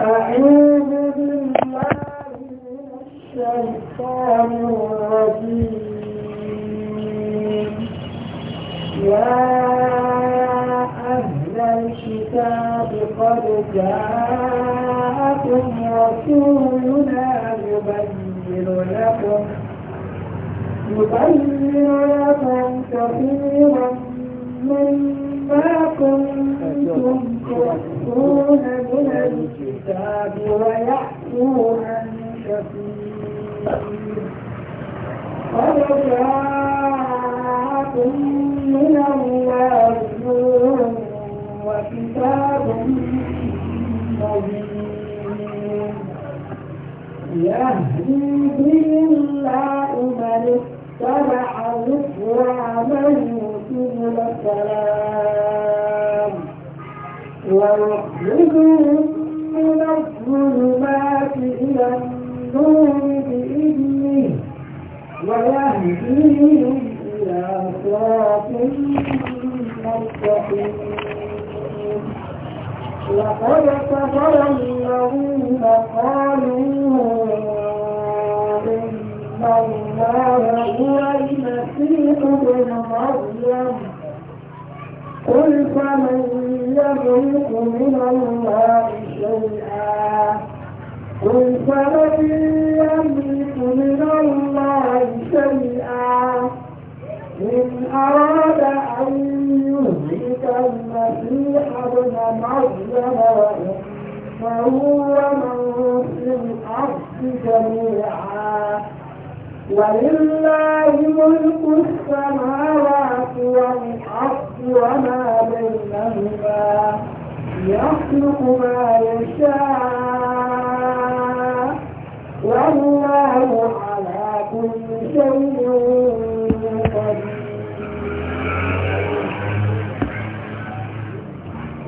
أعوذ بالله من الشيطان الرجيم يا أهل الكتاب قد جاءكم رسولنا يبين لكم يبين لكم كثيرا مما كنتم تخفون من الكتاب ويحكون كثير قد جاءكم من الله نور وكتاب مبين يهدي به الله من اتبع رضوانه سبل السلام ويخرجهم من الظلمات إلى النور بإذنه ويهديهم إلى صراط مستقيم لقد كفر الذين قالوا إن الله هو المسيح ابن مريم قل فمن يملك من الله شيئا قل فمن يملك من الله شيئا إن أراد أن يهلك المسيح ابن مريم وأمه ومن في الأرض جميعا ولله ملك السماوات والأرض وما بينهما يخلق ما يشاء والله على كل شيء قدير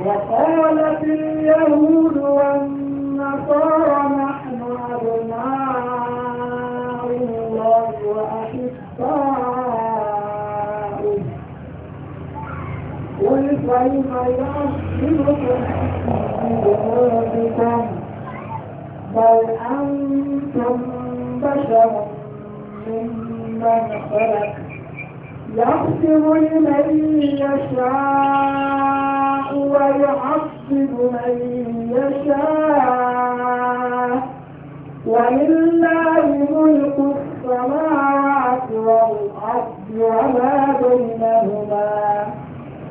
وقالت اليهود فسوف يعذبكم بل أنتم بشر ممن خلق يغفر لمن يشاء ويعذب من يشاء ولله ملك السماوات والأرض وما بينهما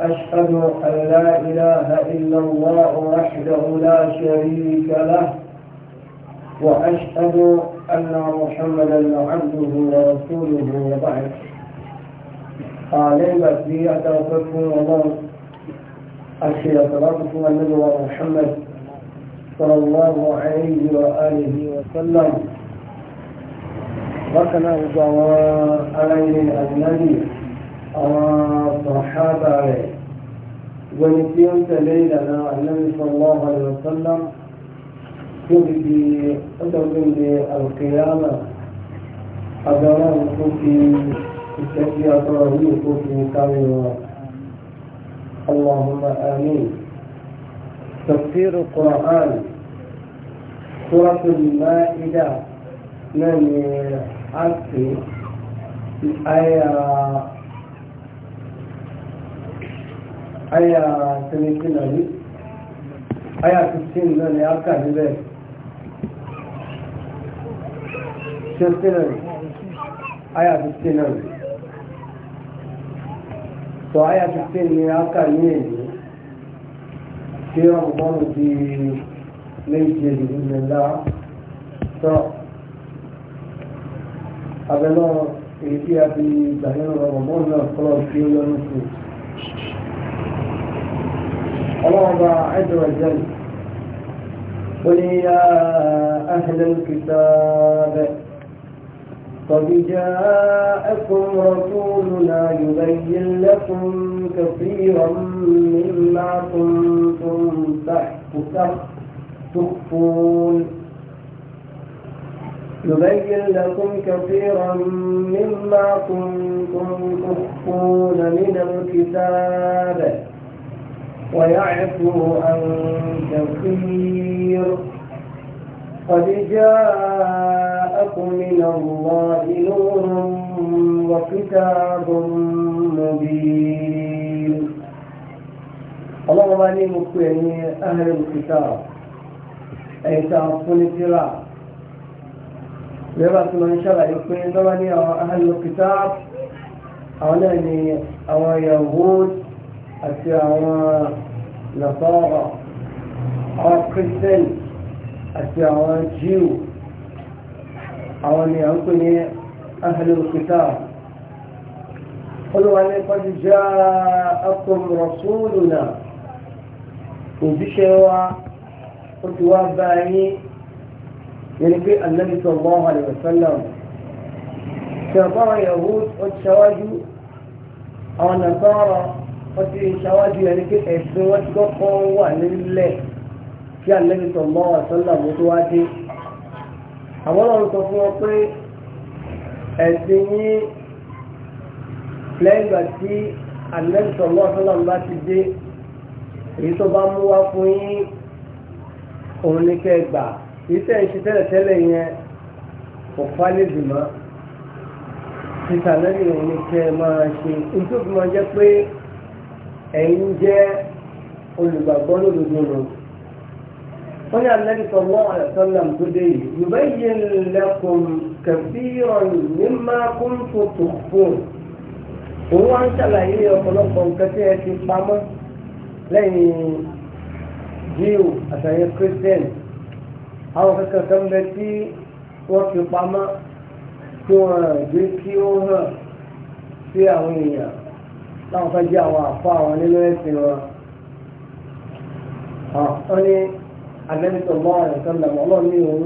أشهد أن لا إله إلا الله وحده لا شريك له وأشهد أن محمدا عبده ورسوله وبعد قال بي أتوقفكم الله أشهد صلاتكم النبي محمد صلى الله عليه وآله وسلم وكان الجواب عليه النبي àwọn sàhábà rẹ̀ wẹni tí ó ń tẹ̀lé ìlànà Ànábì sallallahu alaihi wasallam tí ó fi di ọdọ́gbìn di àrùkèyàmà àgbàrá tó fi ìtẹ́jú agbára yìí tó fi kárí wọn. اللهم آمين تفسير القرآن سورة المائدة من عكس الآية àyà sẹ́mẹ́tì náà ní àyà fifteen náà ní áká níbẹ̀ fifteen náà ní àyà fifteen náà ní tó àyà fifteen ní áká ní èyí tí wọ́n mọ̀ mọ́ ti méje ìdílélá tó abẹ́lọ́ èyí tí a fi gbà nínú ọmọ náà kọ́ ọ́ sí ó lọ́nà sí i. الله عز وجل قل يا أهل الكتاب قد جاءكم رسولنا يبين لكم كثيرا مما كنتم تخفون يبين لكم كثيرا مما كنتم تخفون من الكتاب ويعفو عن كثير قد جاءكم من الله نور وكتاب مبين اللهم اني مكويني اهل الكتاب اي تعرفون الجراح لبعض من شرع يكون ضمني اهل الكتاب او نعني او يهود àti àwọn nàfọ́ọ̀rọ̀ àwọn kírísítẹ́nì àti àwọn jíù àwọn ni à ń pè ní ahlul kitab olùwà ní qad ja'akum rasuluna òjíṣẹ́ wa ó ti wá bá yín yẹn pé annabi sallallahu alaihi wasallam ṣe àbáwọn yahud ó ti ṣáwájú àwọn nàfọ́ọ̀rọ̀ wọ́n ti ṣáwájú ẹni pé ẹ̀sìn wọn ti kọ́kọ́ wà nílẹ̀ kí àlẹ́bìtọ̀ mọ́ ọ̀sánlá mú tó wá dé àwọn ọ̀rọ̀ sọ fún wọn pé ẹ̀sìn yín lẹ́yìn ìgbà tí àlẹ́bìtọ̀ mọ́ ọ̀sánlá mú bá ti dé èyí tó bá mú wá fún yín òun ní kẹ́ gbà èyí tẹ̀ tẹ́lẹ̀tẹ́lẹ̀ yẹn kò fálẹ̀ jùmọ́ títà lẹ́yìn òun ní kẹ́ máa ṣe nítorí máa jẹ́ pé ẹ̀yin jẹ́ olùgbàgbọ́ lódodo lọ. wọ́n ní alẹ́bí sọ mọ́ àlẹ́sọ́lá tó dé yìí yorùbá yìí lẹ́kùn kẹfìrán mímá kún tuntun fún òun wá ń ṣàlàyé ọ̀pọ̀lọpọ̀ nǹkan tí ẹ ti pamọ́ lẹ́yìn jíù àtàyẹ kírísítẹ́nì àwọn kankan kan bẹ tí wọ́n fi pamọ́ tí wọ́n gbé kí ó hàn sí àwọn èèyàn láwọn fẹ́ jẹ́ àwọn àfa àwọn nínú ẹ̀sìn wọn. wọ́n ní àgbẹ̀bìtọ̀ mọ́ àwọn ìkan làmọ́ ọlọ́run ní òun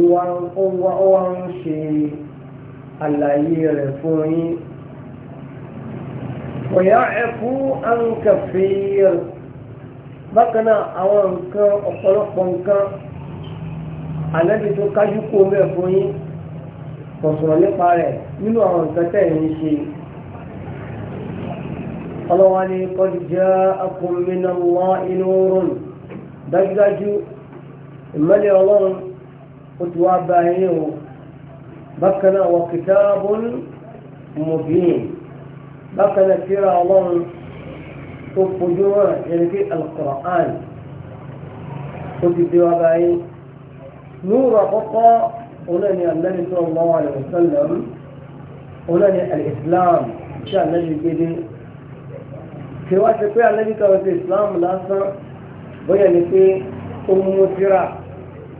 wá ó wá ń ṣe àlàyé rẹ̀ fún yín. òyà ẹ̀kú àǹkàfẹ́ bákan náà àwọn nǹkan ọ̀pọ̀lọpọ̀ nǹkan àlẹ́bí tó kájú kó mẹ́ fún yín kò nípa rẹ̀ nínú àwọn nǹkan tẹ̀ ṣe ọlọ́wọ́ ni kọ́dí jẹ́ akọ̀mìnà wọ́n inú rún dájúdájú ìmọ̀lẹ̀ ọlọ́run ó ti wá bá yín o bákan náà wọ́n kitabun mubin bákan náà tírà ọlọ́run tó fojú hàn ẹ̀rẹ́kẹ́ alukọ̀rán ó ti dé wá bá yín nùrọ̀ kọ́kọ́ ọ̀nà ni ànábì sallallahu alaihi wasallam ọ̀nà ni alìsílám tí ànábì gbé kí wá ṣe pé alẹ́bíkà ọ̀sẹ̀ islam lásán bóyá ni pé ó mú tíra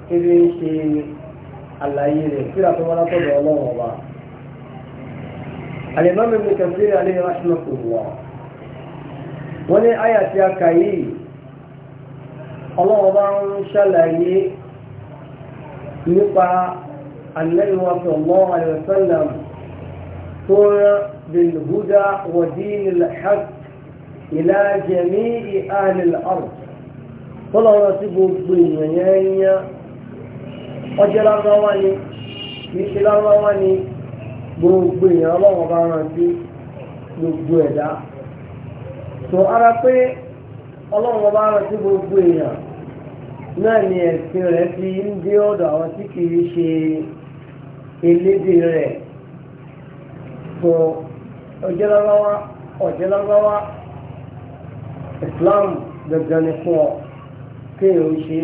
kébé ń ṣe àlàyé rẹ̀ tíra tó wọ́n látọ̀dọ̀ ọlọ́run ọba alimami ibn Kathir alayhi rahmatullah wọ́n ní àyà tí a kà yìí ọlọ́run bá ń ṣàlàyé nípa annabiwa sallallahu alayhi wa sallam tó rán bilhuda wa dinil haqq إلى جميع أهل الأرض طلع نصيب الدنيا أجل الرواني مثل الرواني gbogbo ẹ̀dá tó ara pé ọlọ́wọ́ bá rántí gbogbo èèyàn náà ni ẹ̀sìn rẹ̀ fi ń dé ọ̀dọ̀ àwọn tí kì islam gangan ni fún ọ kéèyàn ń ṣe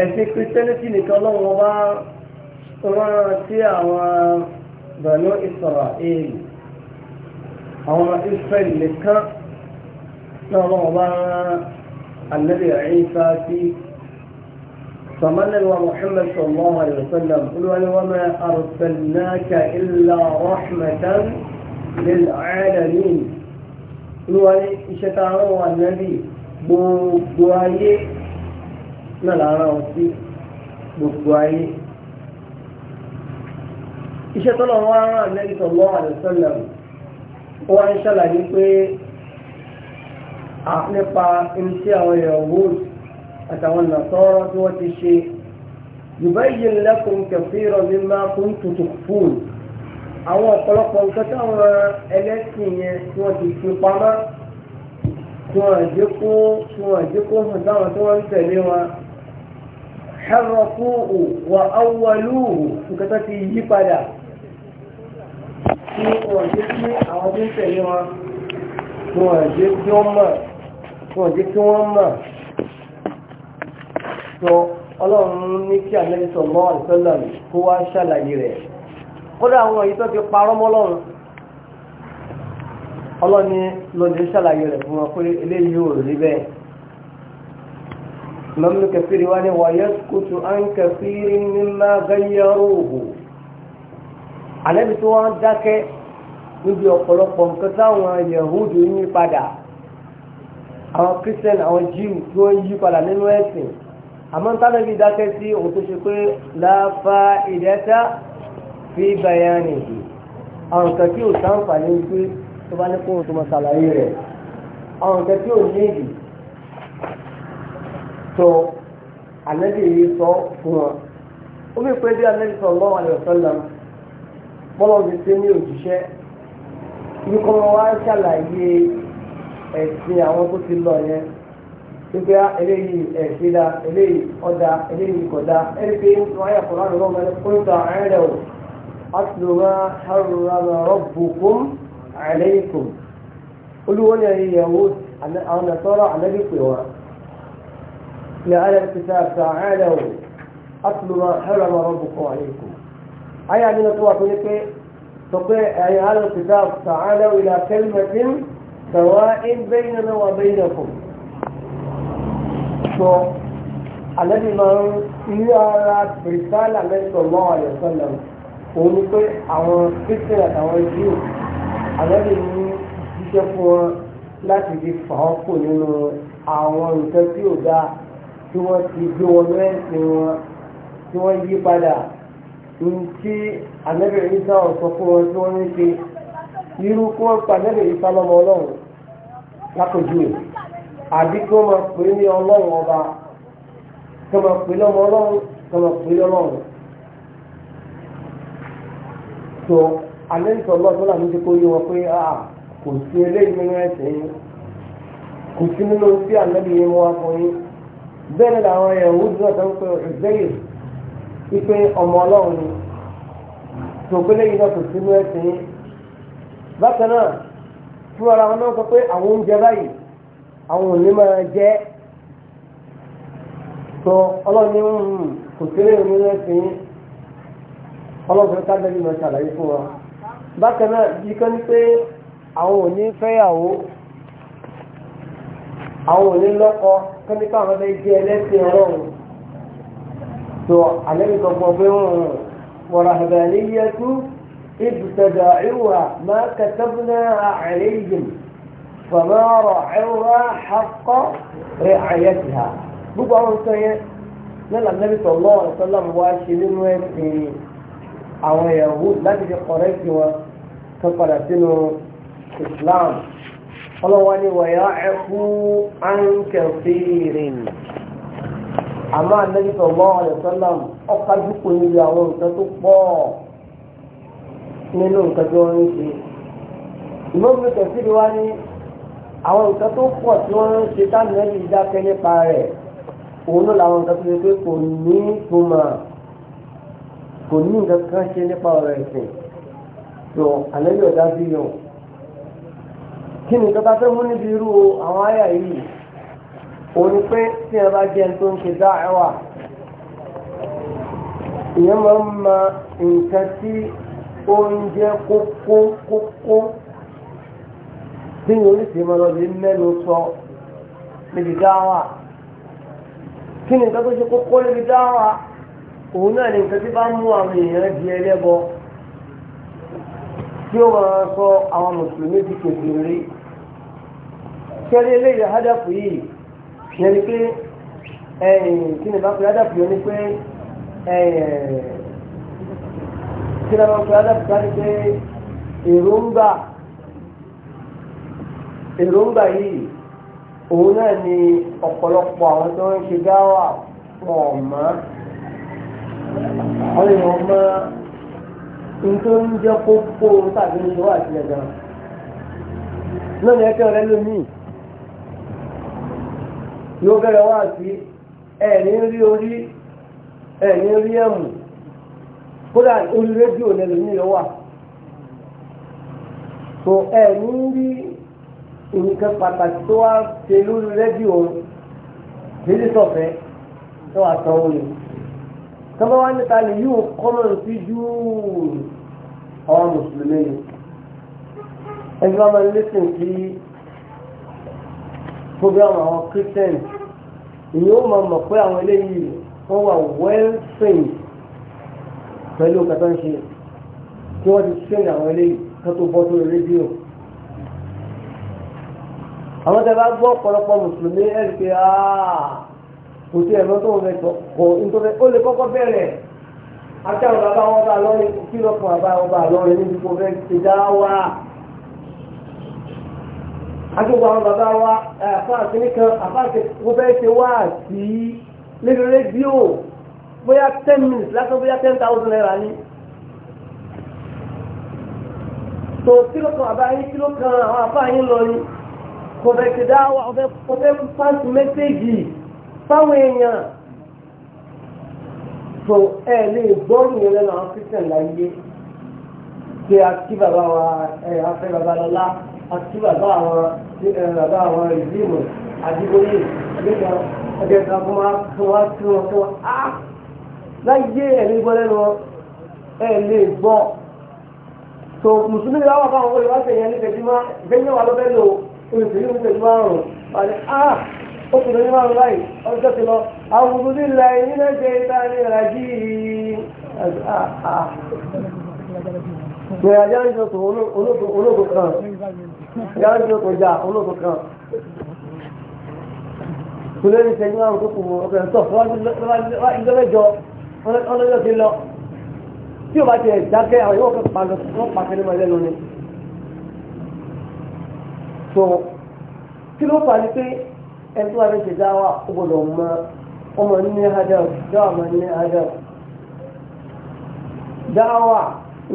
ẹ̀sìn christianity nìkan lọ́wọ́ bá rán sí àwọn bẹ̀rẹ̀ israel àwọn israel nìkan náà lọ́wọ́ bá rán anabi Isa sí فمنوا محمد صلى الله عليه وسلم قلوا وما أرسلناك إلا رحمة للعالمين olúwa ní iṣẹ́ tá a rán wọn ànábì gbogbo ayé náà là ń rán wọn sí gbogbo ayé iṣẹ́ tó lọ́wọ́ wọn rán ànábì sallallahu alaihi wasallam ó wá ń ṣàlàyé pé nípa iṣẹ́ àwọn Yahud àtàwọn nàṣọ́rọ́ tí wọ́n ti ṣe yubayyin lakum kathiran mimma kuntum tukhfun àwọn ọ̀pọ̀lọpọ̀ nǹkan táwọn ẹlẹ́sìn yẹn tí wọ́n ti fi pamọ́ tí wọ́n jẹ́ kó tí wọ́n jẹ́ kó hàn táwọn tí wọ́n ń tẹ̀lé wọn harrafuhu wa awwaluhu nǹkan tó ti yí padà tí wọ́n jẹ́ kí àwọn tí ń tẹ̀lé wọn tí wọ́n jẹ́ kí wọ́n mọ̀ tí wọ́n jẹ́ kí wọ́n mọ̀ sọ ọlọ́run ní kí àlẹ́ sọ̀rọ̀ àìsọ́lá kó wá ṣàlàyé rẹ̀ kódà àwọn èyí tó ti parọ́ mọ́ lọ́run ọlọ́ni lọ́dẹ ṣàlàyé rẹ̀ fún wọn pé eléyìí ò rí bẹ́ẹ̀ mọ́mú kẹfìrí wá ní wàyẹ́ kùtù á ń kẹfìrí mímá gáyẹ́rò òhù àlẹ́bí tí wọ́n dákẹ́ níbi ọ̀pọ̀lọpọ̀ nǹkan táwọn Yahudu yí padà àwọn Christian àwọn Jew tí wọ́n yí padà nínú ẹ̀sìn àmọ́ tálẹ́bí dákẹ́ sí òun tó ṣe pé láfa ìdẹ́ta fi báyà nìyí àwọn nǹkan tí ò sáǹfààní wípé tó bá ní kóhùn tó mọ ṣàlàyé rẹ̀ àwọn nǹkan tí ò níyì tó ànábì yìí sọ fún wọn ó fi pé bí ànábì sallallahu alaihi wasallam bọ́lọ̀ ti ṣe ní òjíṣẹ́ ibi kan wá ṣàlàyé ẹ̀sìn àwọn tó ti lọ yẹn pípẹ́ eléyìí ẹ̀sìn dá eléyìí ọ̀dà eléyìí kọ̀dà ẹ̀rí pé wọ́n yà kọ́ láti lọ́mọ ẹni kó ń ẹ̀rẹ́ o. أصل ما حرم ربكم عليكم قلوا وانا يهود أنا نصارى على بكوا لأهل الكتاب تعالوا أصل ما حرم ربكم عليكم أي أن نطوى لك تطيع أي أهل الكتاب تعالوا إلى كلمة سواء بيننا وبينكم الذي ما يرى برسالة النبي الله عليه وسلم òun ni pé àwọn christian àtàwọn Júù àlọ́lẹ̀ ní jíṣẹ́ fún wọn láti fi fà ọ́ kù nínú àwọn nǹkan tí ò dáa tí wọ́n ti gbé wọn lẹ́sìn wọn tí wọ́n yí padà ntí ànábì Ìsá sọ fún wọn tí wọ́n ń ṣe irú kí wọ́n pa ànábì Ìsá lọ́mọ ọlọ́run lápòjúwe àbí kí wọ́n máa pè é ní ọlọ́run ọba kí wọ́n máa pè é lọ́mọ ọlọ́run kí wọ́n máa pè é lọ́lọ́run. so anẹ́sọ̀ lọ́sọ́lá ló ti kó yé wọn pé ah, ah, kò sí eléyìí nínú kò sí nínú sí ànábì yín wọn fún yín bẹ́ẹ̀ ni làwọn dúró tó ń ọmọ ọlọ́run ni tó pé náà kò sí nínú ẹ̀sìn yín bákan náà fún ara wọn náà sọ pé àwọn oúnjẹ báyìí àwọn máa jẹ́ tó ọlọ́run ní hmm, kò sí nínú ọlọ́run ká lẹ́yìn máa ṣàlàyé fún wa bákan náà bí kan ní pé àwọn ò ní fẹ́yàwó àwọn ò ní lọ́kọ kẹ́ni pé àwọn fẹ́ jẹ́ ẹlẹ́sìn ọlọ́run tó àlẹ́bí kan fọ pé wọ̀rọ̀ àbẹ̀lẹ́yẹtú ibùsọ̀dọ̀ ìwà máa kẹtẹ́bùnà àìlẹ́yìn fọ̀mọ́ ìwà àkọ́ rẹ̀ àyẹ̀tì ha gbogbo àwọn sọ yẹn nílànà ìtọ̀lọ́ ọ̀sán láwọn wá ṣe nínú ẹ̀sìn àwọn ìyàwó láti fi kọ̀rẹ́kì wọn tó padà sínú Islam ọlọ́wọ́ ni wọ̀nyá ẹ̀kú áńkẹ̀fìrìn àmọ́ Ànábì sallallahu alaihi wasallam ọ̀kájúkò níbi àwọn nǹkan tó pọ̀ nínú nǹkan tí wọ́n ń ṣe ìmọ̀mí kẹ̀síbi wá ní àwọn nǹkan tó pọ̀ tí wọ́n ń ṣe táwọn ẹ̀mí nípa rẹ̀ òun ló làwọn nǹkan tó ṣe pé ní ìtumọ̀ kò ní nǹkan kan ṣe nípa ọ̀rọ̀ ẹ̀sìn tó ànábì ọ̀dá sí yàn kí ni nǹkan bá fẹ́ mú níbi irú àwọn àyà yìí òun ni pé tí ẹ bá jẹun tó ń ṣe dá ẹwà ìyẹn máa ń ma nǹkan tí oúnjẹ kókó kókó tí yóò lè máa lọ lè mẹ́nu sọ níbi dáwà kí ni nǹkan tó ṣe kókó níbi dáwà. òun náà ni nǹkan tí bá ń mú àwọn èèyàn di ẹlẹ́bọ tí ó máa sọ àwọn mùsùlùmí ti pèsè rí kẹ́lẹ́ eléyìí hádàpù yìí yẹn ni pé kí ni bá pe hádàpù ni pé kí ni bá pe hádàpù ni pé èròǹgbà èròǹgbà yìí òun náà ni ọ̀pọ̀lọpọ̀ àwọn tó ń ṣe dáwà pọ̀ àwọn èèyàn mọ nǹkan ń jẹ́ kókó tàbí ní ìwà àti ẹ̀dá lónìí ẹgbẹ́ rẹ lónìí yóò bẹ̀rẹ̀ wá sí ẹ̀ní rí orí ẹ̀ní rí ẹ̀mù kódà orí rédíò lẹ́nu ní ìyọ́ wà tó ẹ̀ní rí nǹkan pàtàkì tó wá ṣe lórí rédíò kìí sọ̀fẹ́ tó wà sanwó yìí tọ́ba wá níta lè yóò kọ́mọ̀ sí júùn àwọn mùsùlùmí ni ẹgbẹ́ wọn máa ń lẹ́sìn sí program àwọn christian ìyẹn ó máa mọ̀ pé àwọn eléyìí wọ́n wà well trained pẹ̀lú kàtà ń ṣe tí wọ́n ti train àwọn eléyìí kan tó bọ́ sórí rédíò àwọn tẹ́ bá gbọ́ ọ̀pọ̀lọpọ̀ mùsùlùmí ẹ̀ rí pé aaa. Ah, kò sí ẹ̀rọ tó ń fẹ́ sọ kò nítorí ó lè kọ́kọ́ bẹ̀rẹ̀ ajáwọ̀ bàbá wọn bá lọ́rin kí lọ́kùn bàbá wọn bá lọ́rin níbi kò fẹ́ ti dá wa. ajáwọ̀ àwọn bàbá wa àfáàsì nìkan àfáàsì kò fẹ́ ṣe wá sí lórí rédíò bóyá ten minutes lásán bóyá ten thousand naira ni. tó kí lọ́kùn bàbá yín kí lọ́kùn àwọn àfáà yín lọ́rin kò fẹ́ ti dá wa ọ̀fẹ́ pàṣẹ mẹ́sẹ̀gì. fáwọn èèyàn tó ẹ lè gbọ́rùn yẹn lẹ́nu àwọn christian láyé pé a kí bàbá wa ẹ afẹ́ bàbá lọ́lá a kí bàbá àwọn bàbá wa ìdíìmọ̀ àdìgbòye nígbà ọjọ́ ìgbà fún wa fún wa tí wọ́n fún á ah! láyé ẹ lè gbọ́ lẹ́nu ẹ lè gbọ́ tó mùsùlùmí wà wà fáwọn yẹn ní tẹ̀síwá gbẹ́yẹ̀wà lọ́bẹ̀ lò أخذ الإمام الغيب أرسلت له أعوذ بالله من الشيطان الرجيم Bóyá yáǹjọ tó olóko kan, yáǹjọ tó já olóko kan. Kùlé ní sẹ́yìn àwọn tó kù mọ́ ọkọ̀ ẹ̀sọ́ wá ìjọ mẹ́jọ ọlọ́jọ́ ti lọ. Tí o bá ti dákẹ́ àwọn yóò fẹ́ pàṣẹ wọ́n pàṣẹ ní ọmọdé lónìí. So, kí ló fà ní pé ẹtú àti ṣe dáwà ó gbọdọ̀ mọ ọmọ ní hadar dáwà mọ ní hadar dáwà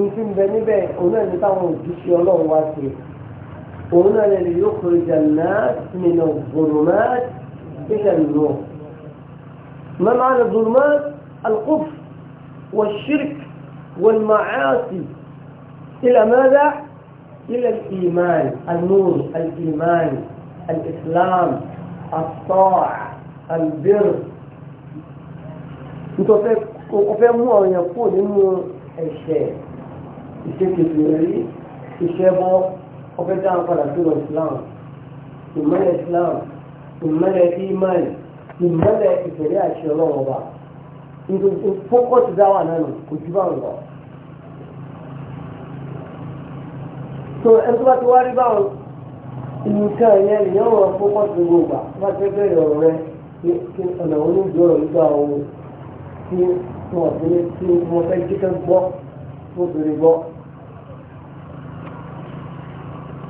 nfi bẹ níbẹ̀ òun náà ní táwọn òjíṣẹ́ ọlọ́run wá sí òun náà lè yóò kúrò jàǹdà nínú gbòòròmá ilẹ̀ nù. ما معنى الظلمات الكفر والشرك والمعاصي إلى ماذا؟ إلى الإيمان النور الإيمان الإسلام àtọ́à albir nítorí o fẹ́ mú àwọn èèyàn kúrò nínú ẹ̀ṣẹ̀ ìṣèkèkèrè ìṣẹ́bọ ọfẹ́ dáhùn padà sí ọ̀rọ̀ islam ìmọ̀lẹ̀ islam ìmọ̀lẹ̀ imani ìmọ̀lẹ̀ ìfẹ̀lẹ́ àṣẹ ọlọ́run ọba nítorí fókọ̀sì dáwà náà nù kò jù báwọn lọ. tó ẹni tó bá ti wá rí báwọn nǹkan yẹn lè yọ̀ wọ́n fún pọ́ọ̀tù gbogbo má ṣe bẹ̀rẹ̀ ọ̀rọ̀ rẹ kí ọ̀nà onídùúrọ̀ yìí gbà wọ́n kí wọ́n fi ní kí wọ́n fẹ́ kíkẹ́ gbọ́ tó bèrè gbọ́.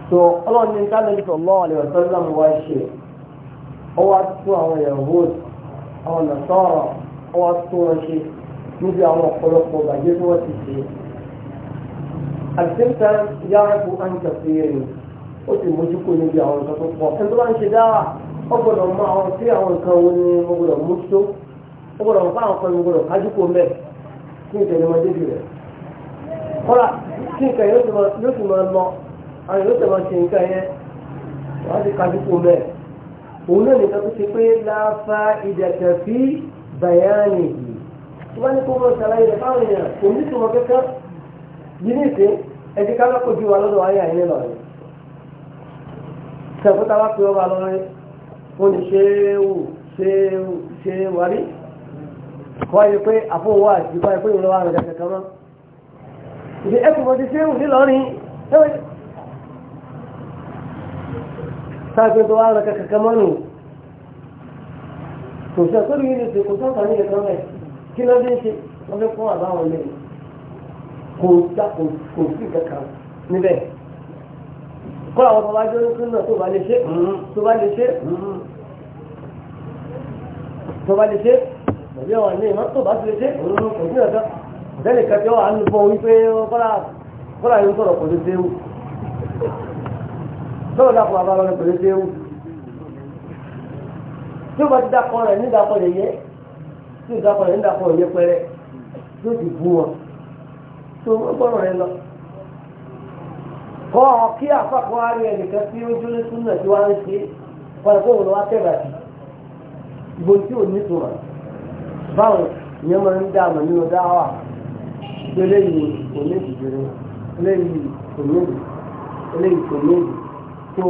tó ọlọ́run ní dáná ní sọ̀lọ́ àlè ọ̀sọ́lá mi wá ṣe ọ tó àwọn yahoo àwọn nàṣọ́rọ̀ ọ tó wọn ṣe níbi àwọn ọ̀pọ̀lọpọ̀ bàjẹ́ tí wọ́n ti ṣe. àti ó sì mójú kó níbi àwọn nǹkan tó pọ̀ ẹni tó bá ń ṣe dáwà ó gbọ́dọ̀ mọ àwọn tí àwọn nǹkan wo ni mo gbọ́dọ̀ mójútó ó gbọ́dọ̀ mọ àwọn kan ni mo gbọ́dọ̀ kájú kó mẹ́ kí n tẹ̀lé ọmọdé bì rẹ̀ kọ́lá kí nǹkan yóò sì máa lọ àwọn yóò sì máa ṣe nǹkan yẹn wọ́n á ti kájú kó mẹ́ òun náà nìkan tó ti pé láfa ìdẹ̀tẹ̀ fi bàyánì yìí tí wọ́n ní kó mọ̀ ṣàlàyé rẹ̀ fáwọn èèyàn kò ní sẹ̀kúta wá pé ọba lọ́rin ó ní ṣéwù ṣéwù ṣéwù àrí wáyé pé àfọwọ́ àti wáyé pé ìrọ̀lọ́wọ́ àrùn ìdájẹ́ kan náà ìdí ẹkùn mọ́ ti ṣéwù nílọrin sáàpé tó wá àrùn kankan mọ́ nù kò sẹ́ tó rí ní ti kò tó kàn ní ìkan rẹ̀ kí ló dé ṣe wọ́n fẹ́ fún àbáwọn lẹ́yìn kò sí kankan níbẹ̀ kọ́ àwọn bàbá jọ ń náà tó bá lè ṣe mm-hmm. tó bá lè ṣe mm-hmm. tó bá lè ṣe pẹ̀lú àwọn ilé ìmọ̀ tó bá ti lè ṣe kò ní ọ̀dọ́ ìdẹ́nì kan tí ó wípé kọ́lá yóò sọ̀rọ̀ pẹ̀lú déwù sọ̀rọ̀ dàpọ̀ bàbá lọ́rẹ̀ pẹ̀lú déwù tí ó bá ti dàpọ̀ rẹ̀ ní dàpọ̀ rẹ̀ yẹ tí ó dàpọ̀ rẹ̀ ní dàpọ̀ rẹ̀ yẹ pẹ́rẹ́ tí ó ti bú wọn tó gbọ́dọ̀ rẹ̀ kọ́ ọ kí àpapọ̀ ààrẹ ẹnìkan tí ó jólé tún náà tí wọ́n á ń ṣe wọ́n kó òun lọ wá tẹ̀lé àti ìbò tí ò ní tòmọ̀ báwọn ìyẹn máa ń dààmú nínú dáwà eléyìí kò ní ìdìbò eléyìí kò ní ìdìbò eléyìí kò ní ìdìbò tó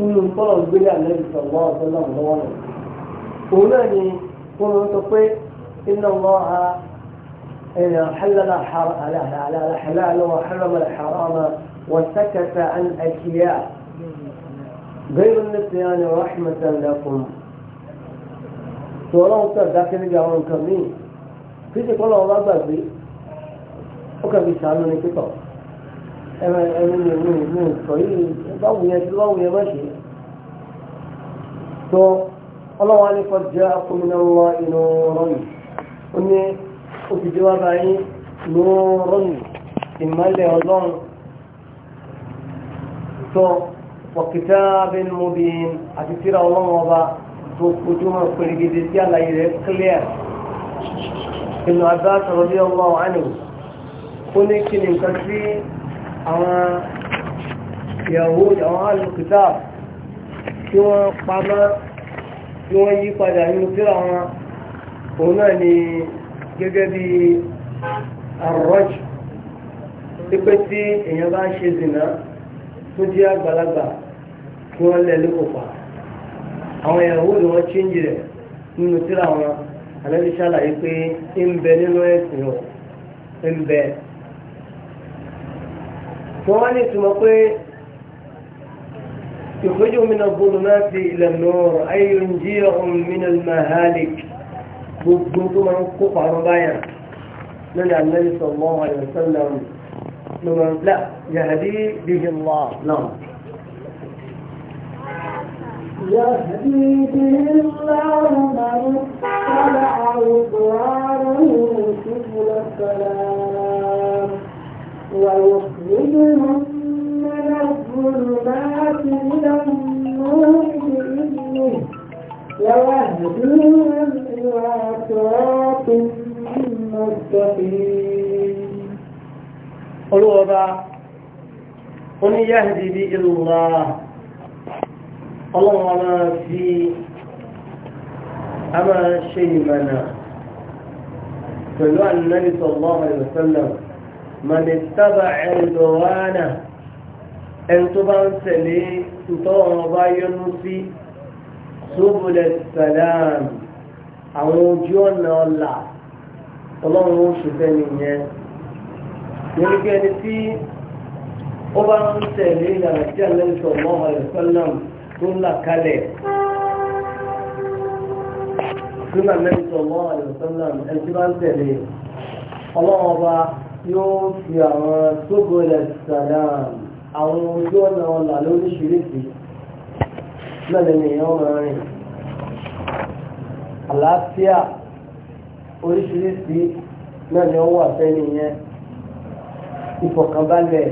inú tọ́lọ̀ gbélé àlẹ́bí sọ̀rọ̀ ọ̀sẹ̀ náà lọ́wọ́ rẹ̀ òun náà ni wọ́n máa ń sọ pé iná wọn a ẹ̀yàn hàlàlà hàlàlà wà hàlàmà hàràmà. وسكت عن أشياء غير النسيان رحمة لكم tọ́lọ́hún tẹ̀ dákẹ́lẹ́ bí àwọn nǹkan míì kí ṣe kọ́ lọ́wọ́ bá gbàgbé ó kàn fi ṣàánú ní pípọ̀ ẹ̀rọ ẹ̀rọ mi mi mi sọ yìí báwo yẹn tí báwo yẹn má ṣe tó ọlọ́wọ́ á ní kọ́ jẹ́ akómìnà wọn inú rọ́ọ̀nù ó ní ó ti dé wá báyìí inú rọ́ọ̀nù ìmọ̀lẹ̀ ọlọ́run tó wọ̀kìtà bẹ́ẹ̀ ni mo bí àti tíra ọlọ́run ọba tó kojú mọ́ pèrègèdè sí àlàyé rẹ̀ clear inú àbá sọ̀rọ̀ bí ọlọ́ àánú ó ní kí ni nǹkan sí àwọn ìyàwó àwọn alùkìtà tí wọ́n pamọ́ tí wọ́n yí padà nínú tíra wọn òun náà ni gẹ́gẹ́ bí àrọ́jù pípẹ́ tí èèyàn bá ń ṣe zìnnà tó jẹ́ àgbàlagbà kí wọ́n lẹ̀ lóko pa àwọn ìyàwó ni wọ́n chíńjì rẹ̀ nínú tíra wọn àlẹ́bí ṣàlàyé pé ń bẹ nínú ẹ̀sìn o ń bẹ. wọ́n wá ní ìtumọ̀ pé يخرج من الظلمات إلى النور أي ينجيهم من المهالك gbogbo tó máa ń kópa àwọn báyà lónìí àlẹ́bí sallallahu alaihi wasallam لا يهدي به الله نعم يهدي به الله من اتبع رضوانه سبل السلام ويخرجهم من الظلمات إلى النور بإذنه ويهديهم إلى صراط مستقيم olúwọba oníyáhìdì bí ìlúra ọlọ́run a máa fi a máa ṣe ìmọ̀nà pẹ̀lú ànábì sallallahu alaihi wasallam màdì tábà ẹ̀dọ̀wánà ẹni tó bá ń tẹ̀lé ìtọ́wọ̀n ọba yọnu sí subulẹ̀ sàlám àwọn ojú ọ̀nà ọ̀la ọlọ́run ó ṣùfẹ́ nìyẹn wọ́n ní kẹ́ni tí ó bá ń tẹ̀lé ìlànà tí àlẹ́lẹ́ sọ mọ́ àlẹ́sọ́nà tó ń là kalẹ̀ súnà lẹ́yìn sọ mọ́ àlẹ́sọ́nà ẹni tí bá ń tẹ̀lé ọlọ́run ọba yóò fi àwọn tóbi rẹ̀ sàdá àwọn ojú ọ̀nà ọ̀là lóríṣiríṣi lọ́lẹ̀ nìyẹn ọmọ rìn àlàáfíà oríṣiríṣi náà ni ó wà fẹ́ nìyẹn ìfọ̀kànbalẹ̀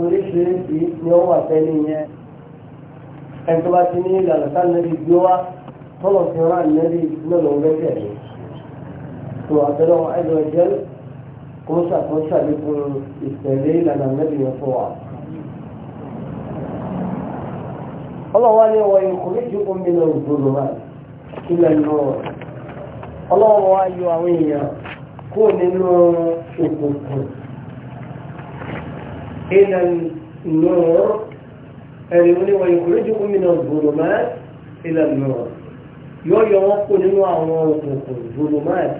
oríṣiríṣi ni ó wà tẹ́lẹ̀ yẹn ẹni tó bá ti ní ìlànà sánẹ́bí gbé wá tọ́lọ̀ fi rán ànẹ́bí náà lọ́wọ́ lẹ́sẹ̀ rẹ̀ tó àtẹ́lẹ́ wọn ẹ̀dọ̀ ẹ̀jẹ̀ kó ṣàkóso àlékún ìtẹ̀lé ìlànà ànẹ́bí yẹn fún wa. ọlọ́wọ́ ni wọ́n yìí kò ní ju omi náà gbòòrò wá ilẹ̀ náà ọlọ́wọ́ wa àwọn èèyàn kó nínú òkùnkùn. إلى النور أريوني ويخرجكم من الظلمات إلى النور yóò yọ wọn kó nínú àwọn òkùnkùn zulumat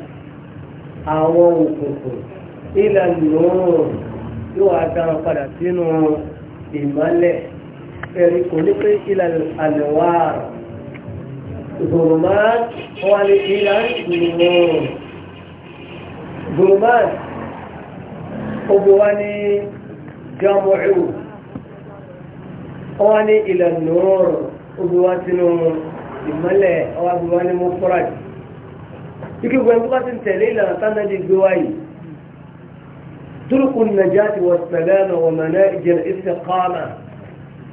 àwọn òkùnkùn ilẹ̀ nùúrùn yóò wá dá wọn padà sínú ìmọ́lẹ̀ ẹ̀rí kò ní pé ilẹ̀ àlẹ́wàr zulumat wọn lè ilẹ̀ nùúrùn zulumat ogun wa ní jamu'u ọwọ́ ní ilẹ̀ nùúrù obìwá sínú ìmọ́lẹ̀ ọwọ́ obìwá ní mufrad ike gbogbo ẹgbẹ́ ti ń tẹ̀lé ìlànà tánàdì gbé wáyé turuku najati wa salama wa mana ijil istiqama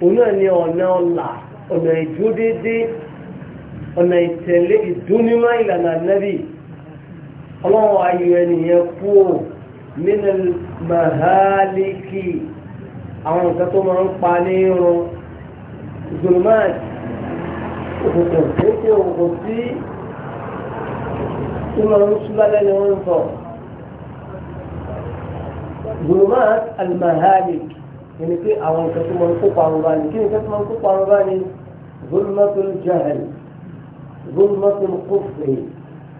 ona ni ọ̀nà ọ̀la ọ̀nà ìdúdédé ọ̀nà ìtẹ̀lé ìdúnímọ̀ ìlànà nábì ọlọ́wọ́ ayọ̀ ẹnìyẹn kúrò nínú màhálíkì àwọn nǹkan tó máa ń pa ní irun zulmat òkùnkùn kéèké òkùnkùn tí tí máa ń sún lálẹ́ ni wọ́n ń sọ zulmat almahalik ẹni pé àwọn nǹkan tó máa ń kópa ọ̀run bá ní kí ni nǹkan tó máa ń kópa ọ̀run bá ní zulmatul jahl zulmatul kufri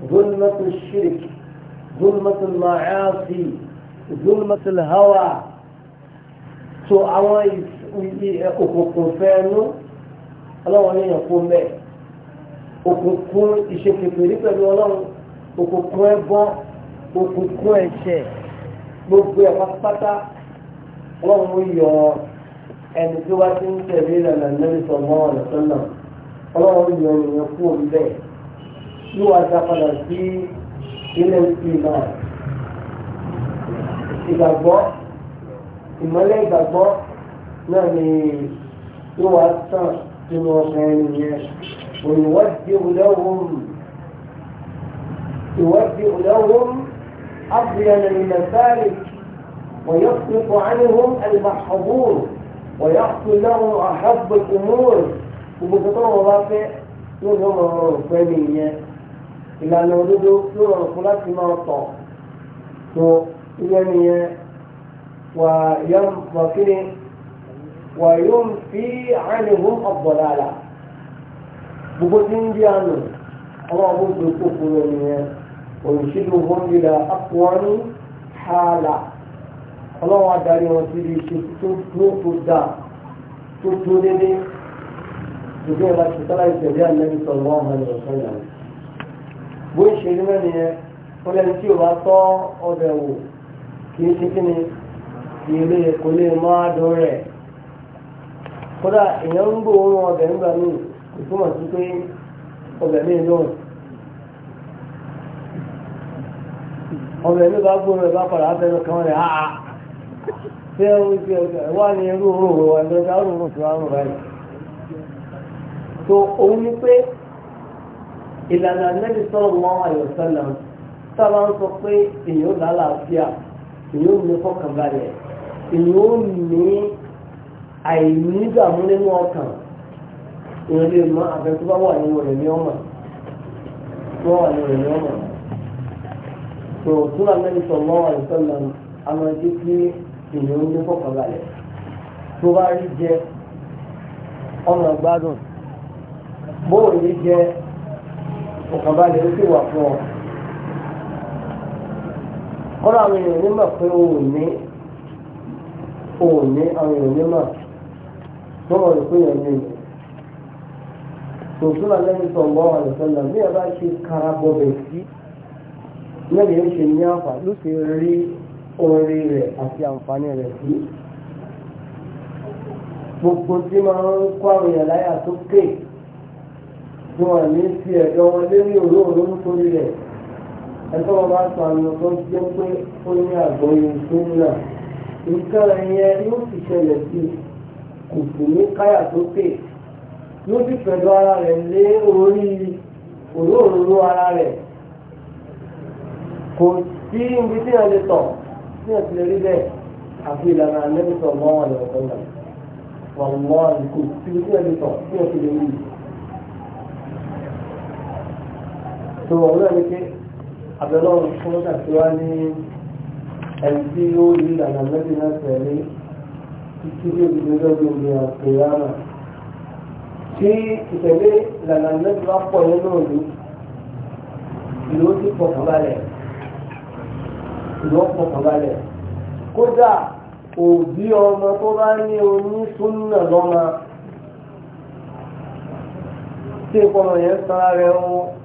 zulmatul shirk zulmatul ma'asi zulmatul hawa. so àwọn òkùnkùn fẹ́ẹ́nu ọlọ́run yẹn kó mẹ́ òkùnkùn ìṣèkèkèrè pẹ̀lú ọlọ́run òkùnkùn ẹbọ òkùnkùn ẹ̀ṣẹ̀ gbogbo ẹ̀ pátápátá ọlọ́run yọ ẹni tí wá ti ń tẹ̀lé ìlànà lẹ́yìn sọ̀mọ́ ọ̀nà tó náà ọlọ́run yọ ìyẹn kú òun bẹ́ẹ̀ yóò wá dá padà sí ilé ìgbà ìgbàgbọ́. ìmọ́lẹ̀ ìgbàgbọ́ náà ni yóò wá tán nínú ọkàn ẹni yẹn òyìnwádìí ìwádìí ọlọ́wọ́m أبين من ذلك ويصرف عنهم المحظور ويحصل لهم أحب الأمور وبكتاب رافع يوم الثانية إلى أن ودود يوم الخلاف ما طاق وينفقه وينفي عنهم الضلالة بقدين ديانو الله أبوز الكفر ويشدهم إلى أقوام حالة الله أداري وسيري شكتو تدا تدو دي تدو لا تتلا يتبع النبي صلى الله عليه وسلم بوين شيرمان هي ولن تيوا طا أو دعو كيف تكني fi kone ma lè mọ adùn rẹ̀ kódà èèyàn ń gbò wọn ọbẹ̀ nígbà míì kò túmọ̀ sí pé ọbẹ̀ míì lòun ọbẹ̀ míì bá gbóòrò ẹ̀ bá padà abẹnú kan rẹ̀ áá wa ó ṣe wá ní irú òórùn wọn ẹgbẹ́ ta òórùn tó wá rùn báyìí tó òun ni pé a bá ń sọ pé èèyàn èyí ó ní àìnígbàmú nínú ọkàn èyí lè mọ àfẹ́ tó wà nínú rẹ̀ ní ọmọ tó wà nínú rẹ̀ ní ọmọ tó tó là mẹ́rin sọ mọ́ ní tó bá jẹ ọmọ gbádùn bóòlù jẹ fọkànbalẹ̀ ó sì wà fún ọ. àwọn èèyàn nígbà pé òun ní àwọn èèyàn mímọ̀ tó wọ́n rò pé yẹn lè lò. Tòtúnà lẹ́yìn tó ń bọ́ wọn lè sọ́nà bí ẹ bá ṣe kára bọ̀bẹ̀ sí lẹ́yìn yóò ṣe ní àǹfààní ló ṣe rí orí rẹ̀ àti àǹfààní rẹ̀ sí. Gbogbo tí máa ń kó àwọn èèyàn láyà sókè tí wọ́n ní fi ẹ̀dọ́ wọn lé òróòró nítorí rẹ̀. Ẹ̀tọ́ wọn bá sọ àmì ọ̀tọ́ jẹ́ pé ó ní àgbọ̀yìn tó ń náà nǹkan ẹ̀yẹ yóò ti ṣẹlẹ̀ sí kò sì ní káyà tó pè yóò sì pẹ̀lú ara rẹ̀ lé orí òróòró ara rẹ̀ kò sí ibi tí wọ́n lè tọ̀ tí wọ́n ti lè rí bẹ́ẹ̀ àfi ìlànà àlẹ́bùsọ̀ mọ́ wọn lọ́wọ́ tó lọ wọ́n mọ́ kò sí ibi tí wọ́n lè tọ̀ tí wọ́n lè rí tó wọ́n náà ní pé abẹ́lọ́run fún ṣàtiwá ní ẹni tí yóò rí ìlànà lẹ́bí náà tẹ̀lé títí ní ìgbésẹ̀ ní omi àpèyàmà tí ìtẹ̀lé ìlànà lẹ́bí wá pọ̀ yẹn náà ní ìlú ó ti pọkàn balẹ̀ ìlú ó pọkàn balẹ̀ kódà òbí ọmọ tó bá ní onísúnnà lọ́mọ tí ìpọnà yẹn sara rẹ̀ ó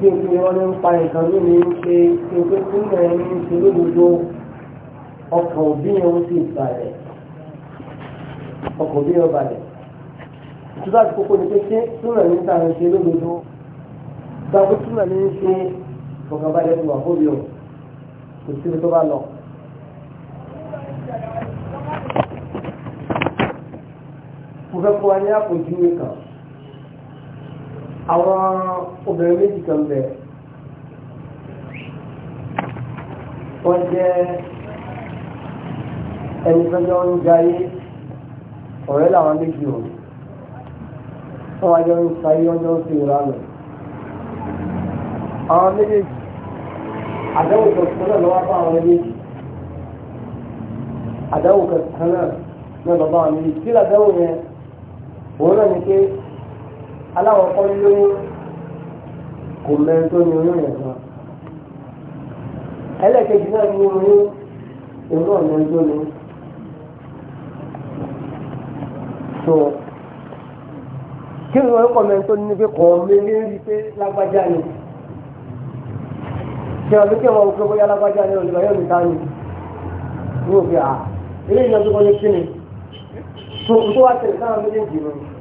tí o fi wọn ní ń pa ìtàn ní ní ń ṣe tí o pé tí ń bẹ̀rẹ̀ ní ń ṣe lódodo ọkàn òbí yẹn ó sì balẹ̀ ọkàn òbí yẹn balẹ̀ ìtura ti kókó ni pé ṣé túnrẹ̀ ní ta ń ṣe lódodo gbàgbé túnrẹ̀ ní ṣe ọkàn balẹ̀ wà fóbi o kò síbi tó bá lọ. mo fẹ́ kó wa ní àpòjú ìkàn àwọn obìnrin méjì kan bẹ̀ wọ́n jẹ́ ẹni tó jọ ń jayé ọ̀rẹ́ làwọn méjì ò wọ́n wá jọ ń sayé ọjọ́ ń fi ìranù àwọn méjèèjì àdáwò kankan náà lọ́wọ́ bá àwọn méjèèjì àdáwò kankan náà lọ́wọ́ bá àwọn méjèèjì kí aláwọ̀ kọ́ lóyún kò mẹ́rin tó ní oyún yẹn náà ẹlẹ́kẹ̀jì náà ní oyún òun náà mẹ́rin tó so kí ni wọ́n kọ́ mẹ́rin tó ní pé kọ́ mi ní rí pé lágbájá ni ṣe ọdún kí wọ́n gbé bóyá lágbájá ni olùgbà yóò mi ta ni wọ́n fi à ilé ìjọba tó kọ́ ní kí ni so n tó wá tẹ̀lé sáwọn méjèèjì lónìí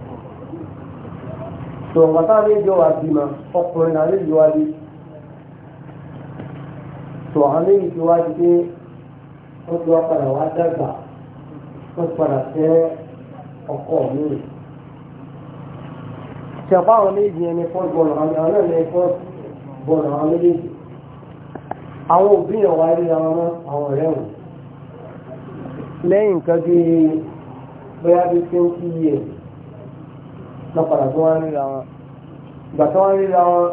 tó nǹkan táwọn méjì wà bímọ ọkùnrin àwọn méjì wá bí tó àwọn méjì ti wá di pé wọ́n ti wá padà wá dàgbà wọ́n ti padà fẹ́ ọkọ mi rè ṣẹ̀fà àwọn méjì yẹn ni fọ́ọ̀tù bọ́ọ̀lù àwọn náà ní fọ́ọ̀tù bọ́ọ̀lù àwọn méjèèjì àwọn òbí yẹn wá rí àwọn ọmọ àwọn ọ̀rẹ́ wọn lẹ́yìn nǹkan bíi bóyá bíi twenty years lọ́padà tó wọ́n ríra wọn ìgbà tó wọ́n ríra wọn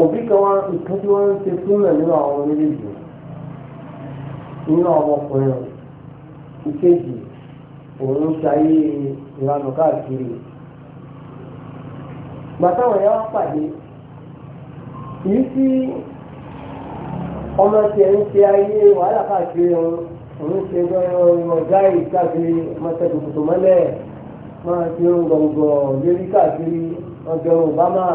òbí kan wá nǹkan tí wọ́n ń ṣe fún ẹ̀ nínú àwọn méjèèjì nínú ọmọkùnrin ìkejì òun ń ṣayé ìranù káàkiri ìgbà táwọn ẹ̀yà wá pàdé kìí sí ọmọ tí ẹ̀ ń ṣe ayé wàhálà káàkiri òun ń ṣe gbọ́dọ̀ ọjà ìkáàkiri mọ́tẹ́kùtù mọ́lẹ́ẹ̀ máa ti ń gbọ̀ngbọ̀ lérí káàkiri ọbẹ̀ obama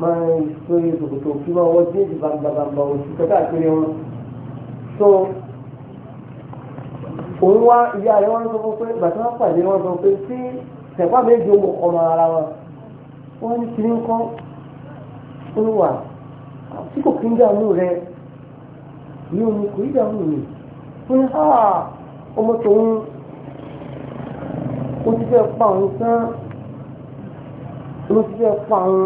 máa ń so ìṣòkòtò kí wọ́n wọ́n dé ìdìbò àgbàgbà òsì káàkiri wọn. so òun wá ìyá rẹ̀ wọ́n sọ fún pé bàtí wọ́n pàdé wọ́n sọ pé tí tẹ̀pá méjì ó mọ ọmọ ara wọn wọ́n ní kiri ń kọ́ ó wà tí kò kí ń dààmú rẹ̀ ní omi kò í dààmú mi fún ọmọ tòun ó ti fẹ́ pa òun tán ó ti fẹ́ pa òun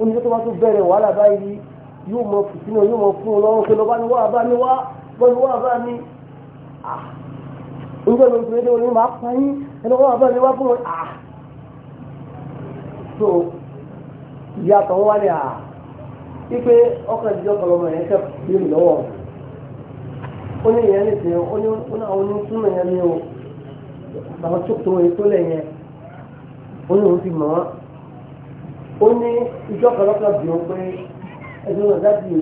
ó ní tó bá tó bẹ̀rẹ̀ wàhálà báyìí yóò mọ fìtínà yóò mọ fún un lọ́wọ́ pé lọ́ba ni wá bá ní wá bọ́ni wá bá ní oúnjẹ ló ń pè é dé oní máa pa yín ẹni wá bá ní wá fún un à ah! so ìyá kan wá ní à ipe ọkàn ìdíjọ kan lọmọ yẹn kẹfù bí mi lọ́wọ́ ó ní ìyẹn nìkan ó ní àwọn onísúnmọ̀ yẹn ní o àwọn tó tó ètò lẹ̀ yẹn ó ní òun ti mọ̀ wọ́n ó ní ìjọ kan lọ́kàn bí wọn pé ẹgbẹ́ wọn dájú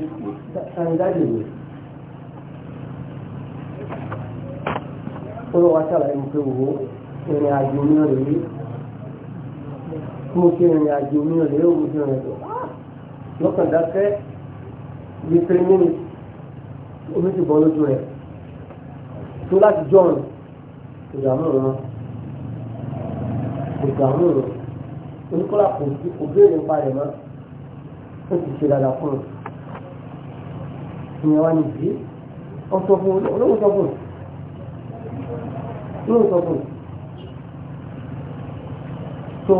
ìdájú ìwé ó lọ́wọ́ aṣáláyé mo pé wo ìrìn àjò mi rèé mo ṣe ìrìn àjò mi rèé ó mo ṣe ìrìn àjò lọ́kàn dákẹ́ bíi three minutes omi ti bọ́ lójú rẹ̀ tó láti jọ̀rùn kò dààmú òun kò dààmú òun oníkọ́lá kò sí kò béèrè nípa rẹ̀ mọ́ ó ti ṣe dáadáa fún un ìyẹn wá ní ìdí ọsọ fún olóhùn sọ fún olóhùn sọ fún so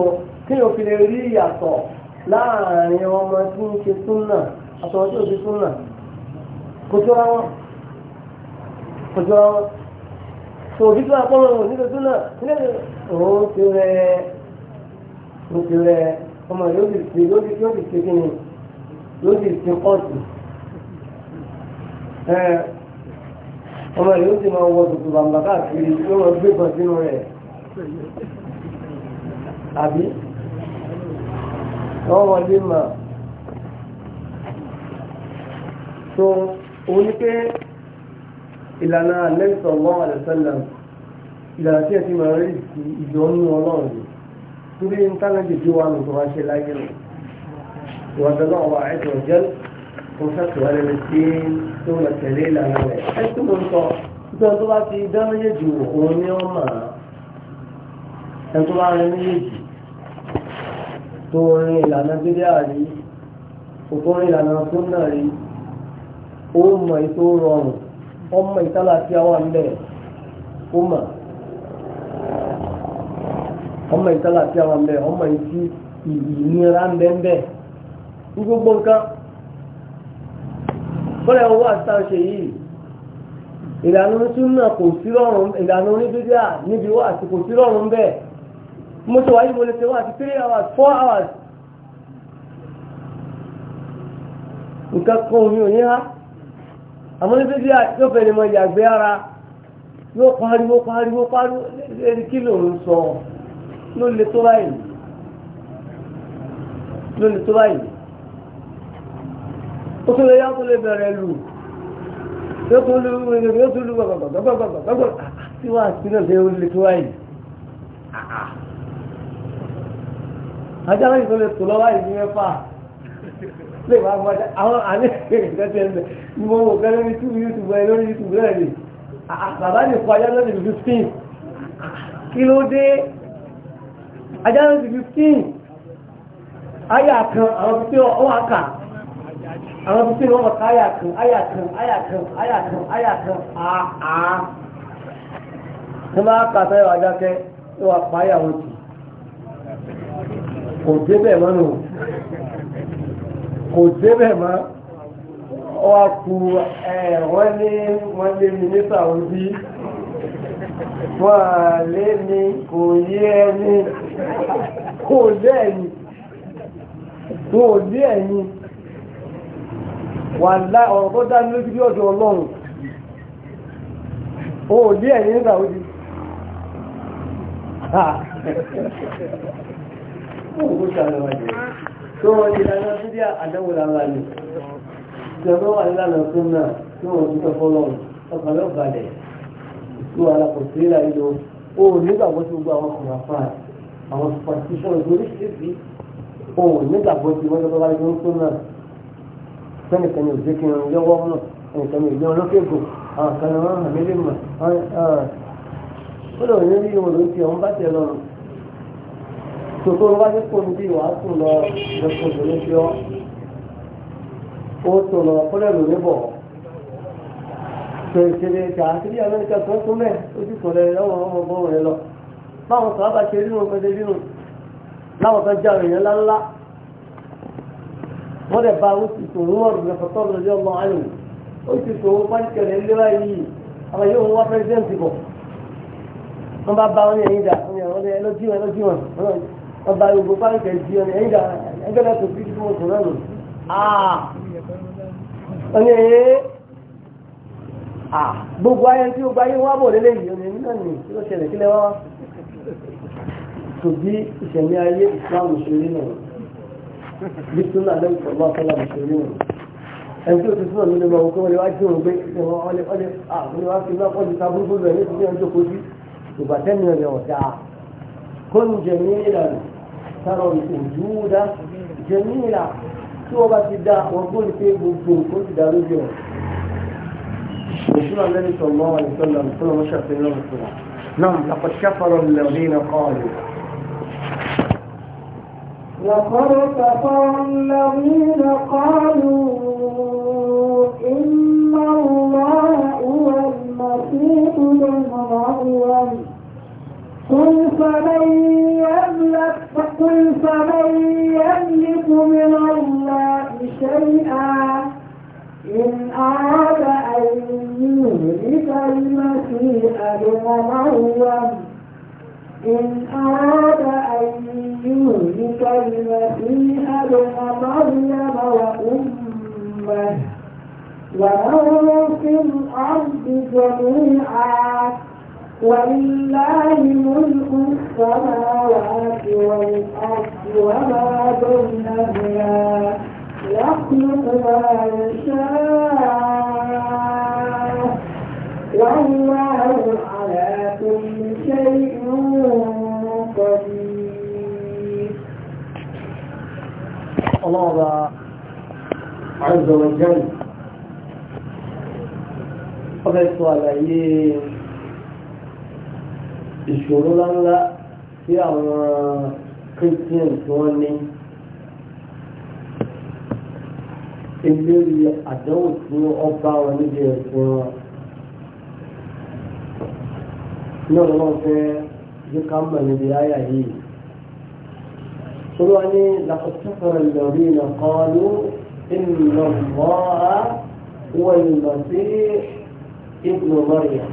kí o fi lè rí ìyàtọ̀ láàrin ọmọ tí ń ṣe súnà àtọwọ́ tí ò ṣe súnà kò jọra wọn kò jọra wọn tó òbí tó àpọ́nrọ̀ òní lójú náà ilé òun ti rẹ òun ti rẹ ọmọ yóò sì ṣe yóò sì yóò sì ṣe kí yóò sì ṣe kọ́ọ̀tù ọmọ yóò sì máa wọ tuntun bàbá káàkiri yóò máa gbé kan sínú rẹ̀ àbí wọ́n wọlé mà tó òun ni pé ìlànà àlẹ́sọ̀ lọ́wọ́ àlẹ́sẹ̀lẹ̀ ìlànà tí ẹ ti máa rí sí ìdánú ọlọ́run ni torí íńtánẹ́ẹ̀tì tí wàá nù tó máa ṣe láyé lọ ìwà tẹ́lẹ̀ ọba àìsàn jẹ́ kó sàtìwá lẹ́nu tí tó mọ̀ tẹ̀lé ìlànà rẹ̀ ẹ tí mo ń sọ nítorí tó bá ti dá méjèèjì wò òun ni ó mà tó bá rin méjèèjì tó rin ìlànà bídíà rí òtó rin ìlànà fúnnà rí ó mọ̀ ètò rọrùn ọmọ ìtàlá tí a wà ń ọmọ ìtàlá tí a wà ọmọ ìtì ìnira gbogbo nǹkan bọ́lá ẹ̀ wọ́n àtàṣe yìí ìlànà onísúnà kò sí lọ́rùn ìlànà onídídíà níbi wà àti kò sí lọ́rùn mo ti wà yìí mo lè ṣe wà àti hours 4 hours nǹkan kan ha. àmọ́ níbi bí yóò fẹ́ ni mo yàgbé ara yóò pariwo pariwo pariwo lẹ́ni kí ló ń sọ ló le tó báyìí ló le tó báyìí ó tún lè yá tó lè bẹ̀rẹ̀ lù yóò tún lù yóò tún lù gbàgbàgbàgbàgbàgbà tí wàá sí náà lè le tó báyìí ajá náà yìí tó lè tó lọ báyìí ní mẹ́fà lè wá wá àwọn àní ìrẹsẹ̀ ń bẹ̀ ni mo wò kẹ́ lórí YouTube YouTube ẹ lórí YouTube náà ni bàbá mi kọ ajá lọ́dún fifteen kí ló dé ajá lọ́dún fifteen àyà kan àwọn fifteen ọ̀ wá kà àwọn fifteen ọ̀ wá kà àyà kan àyà kan àyà kan àyà kan àyà kan àá ní máa kà sẹ́yọ̀ ajá kẹ́ ló wà pààyà wọn jù kò débẹ̀ mọ́nù kò débẹ̀ mọ́ wá ku wọ́n lé wọ́n lé mi ní sàwùdí wọ́n lé mi kò yé ẹni kò dé ẹ̀yìn kò dé ẹ̀yìn wà lá ọ̀rọ̀ tó dá lójú bí ọ̀dọ̀ ọlọ́run ó dé ẹ̀yìn ní sàwùdí Mo ń gbé ṣàlẹ̀ wájú tó wọ́n ní ìlànà sídí àdánwò lára ni tí ọ̀dọ́ wà nílànà tó náà tí wọ́n ti tọ́fọ́ lọ ọkàn lọ balẹ̀ tí wọ́n alapò sí ìlà ìlú o nígbàgbọ́ tí gbogbo àwọn kọ̀ọ̀rọ̀ fà àwọn superstition oríṣiríṣi o nígbàgbọ́ tí wọ́n lọ́wọ́ láti tó náà sẹ́nìkan ò jẹ́ kí n lọ́wọ́ náà ẹnìkan ò jẹ́ ọlọ́kẹ́gùn àwọn kan náà hàn mí lè mọ̀ ah, ó lọ ní orí wọn ló ń ti ọ̀hún bá tẹ̀ lọ́rùn tòtò ló bá dé kó níbi wàá tún lọ lọ́sùn ló ní fíọ́ ó tó lọ kọ́lẹ̀ ló ní bọ̀ tó ìṣẹ̀lẹ̀ ìjà àṣírí amẹ́ríkà tó ń tún mẹ́ ojú kan lẹ lọ́wọ́ ọmọ ọgbọ́n rẹ lọ báwọn sọ̀rọ̀ bá ṣe rírun pẹ̀lú rírun láwọn tó já èèyàn ńláńlá wọ́n dẹ̀ bá oṣù tòun wọ́n rùn lẹ́fọ̀tọ́ lórí ọmọ àlù oṣù tòun pálíkẹ̀lẹ̀ ńlẹ́wà yìí àwọn yóò wá pẹ́sidẹ́ǹtì bọ̀ wọ́n bá bá wọn ní ẹ̀yìn dà wọ́n ní ẹ̀ lọ́jí wọn lọ́jí wọn ọba gbogbo pàǹkẹ̀ jí ọ ní ẹgbẹ́ náà tó fíjì fún oṣù náà nù. ọ̀nà èyí gbogbo ayé tí gbogbo ayé wá bọ̀ lélẹ̀ yìí ọ̀nà náà nì tí ó ṣẹlẹ̀ kílẹ̀ wá. tòbí ìṣẹ̀lẹ̀ ayé ìsìláàmù ṣe rí nù bí súnà lẹ́yìn pẹ̀lú àfọlámù ṣe rí nù ẹni tí o ti fún ọ̀nà lè máa wọ pé wọ́n lè wá jẹun ah, ní ìdílé ní ìlànà tọrọ ìjúúdá jẹmíìlà tí wọ́n bá ti dá wọn kó ní pé gbogbo nǹkan ti dá lójú ọ̀ ìṣúná lẹ́nu tó mọ́ wọn nìkan lọ́nà tó lọ́mọ ṣàfihàn لقد كفر الذين قالوا إن الله هو المسيح ابن مريم قل فمن يملك قل فمن يملك من الله شيئا إن أراد أن يهلك المسيح ابن مريم إن أراد أن يهلك المسيح ابن مريم وأمه ومن في الأرض جميعا ولله ملك السماوات والأرض وما بينهما يخلق ما يشاء والله على كل شيء قدير الله عز وجل قبل سؤال ìṣòro ńláńlá tí àwọn christian tí wọ́n ní eléyìí àdánwò tí wọ́n bá wọn níbi ẹ̀sìn wọn ní ọ̀rọ̀ náà fẹ́ yí ká mọ̀ níbi ayà yìí. Olúwa ní làkọ̀tàkọ̀rọ̀ lọ́rí náà kan ló ìnà mọ́ a wọ ìmọ̀ sí ìbùnú mọ́rìyàn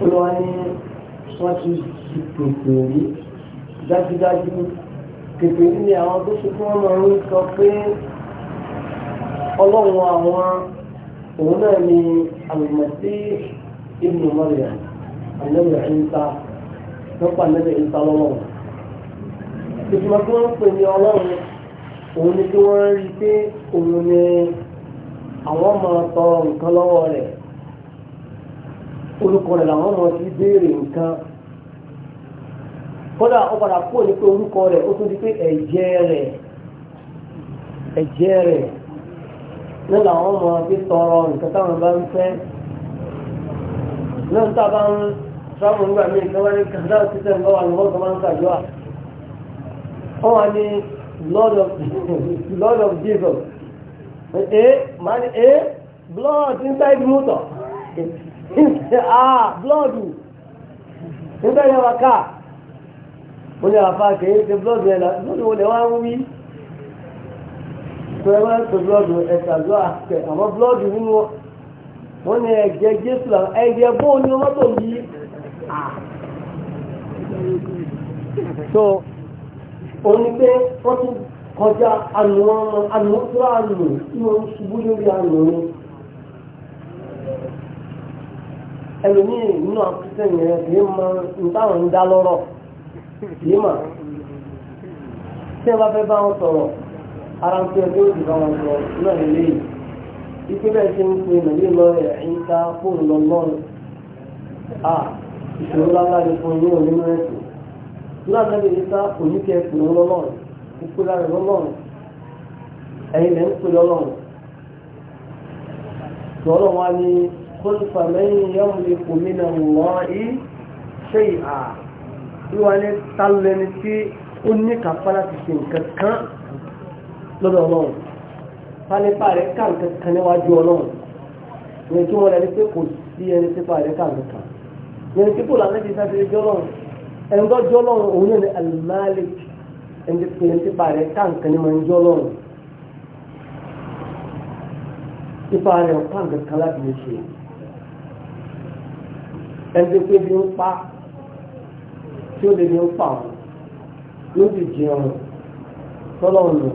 olúwa wọ́n ti di pèpèrè dájúdájú pèpèrè ni àwọn tó ṣe fún ọmọ orí sọ pé ọlọ́run àwọn òun náà ni àlùmọ̀tí ibnu Maryam àlẹ́wẹ̀ ìta nípa àlẹ́wẹ̀ ìta lọ́wọ́ ìtumọ̀ tí wọ́n ń pè ní ọlọ́run òun ni kí wọ́n rí pé òun ni àwọn ọmọ ọ̀tọ̀ nǹkan lọ́wọ́ rẹ̀ orúkọ rẹ̀ làwọn ọmọ ti béèrè nǹkan kódà ó padà kúrò ní pé orúkọ rẹ̀ ó tún di pé ẹ̀jẹ̀ rẹ̀ ẹ̀jẹ̀ rẹ̀ ní làwọn ọmọ ti tọrọ nǹkan táwọn bá ń fẹ́ náà tá a bá ń sáwọn nígbà míì kí wọ́n ní kàdá títẹ̀ ń bá wà lọ́wọ́ tó máa ń ṣàjọ́à wọ́n wá ní blood of Jesus eh man eh? blood inside motor. ah blood níbẹ̀ yẹn wà ká ó ní àfa blood yẹn lọ lónìí wọlé wá wú wí blood ẹ̀sà lọ àtẹ blood nínú wọn ní ẹ̀jẹ̀ jésù làwọn ni wọ́n tó yí so òní pé wọ́n tún kọjá ànú ọmọ ànú tó ànú tí wọ́n ẹlòmíì nínú àkúsẹ̀ yẹn kì í mọ nítawọn ń dá lọ́rọ̀ kì í tí ẹ bá fẹ́ bá wọn sọ̀rọ̀ ara ń pẹ́ bóyá ìbá wọn sọ̀rọ̀ náà lè léyìí ike bẹ́ẹ̀ ṣe ń pe nàbí lọ ẹ̀yìn ká fóònù lọ lọ́rùn ìṣòro ni fún yín òní ẹ̀sìn náà ẹ̀sìn lọ lọ́rùn lára lọ lọ́rùn ẹ̀yìn lẹ́ ń pè قل فمن يملك من الله شيئا wọ́n ní tàlẹ̀ ní tí ó ní kàfà láti ṣe nǹkan kan lọ́dọ̀ ọlọ́run pálípà rẹ̀ kà nǹkan kan níwájú ọlọ́run ní kí wọ́n lẹ́ni pé kò sí ẹni tí pà rẹ̀ kà nǹkan kan ní kí kò lànà ti sáré jọ́ lọ́run ẹni tó jọ́ ẹgbẹ́ pé bí ń pa tí ó lè ní ń pa wọn ló sì jẹun tọ́lọ̀ nù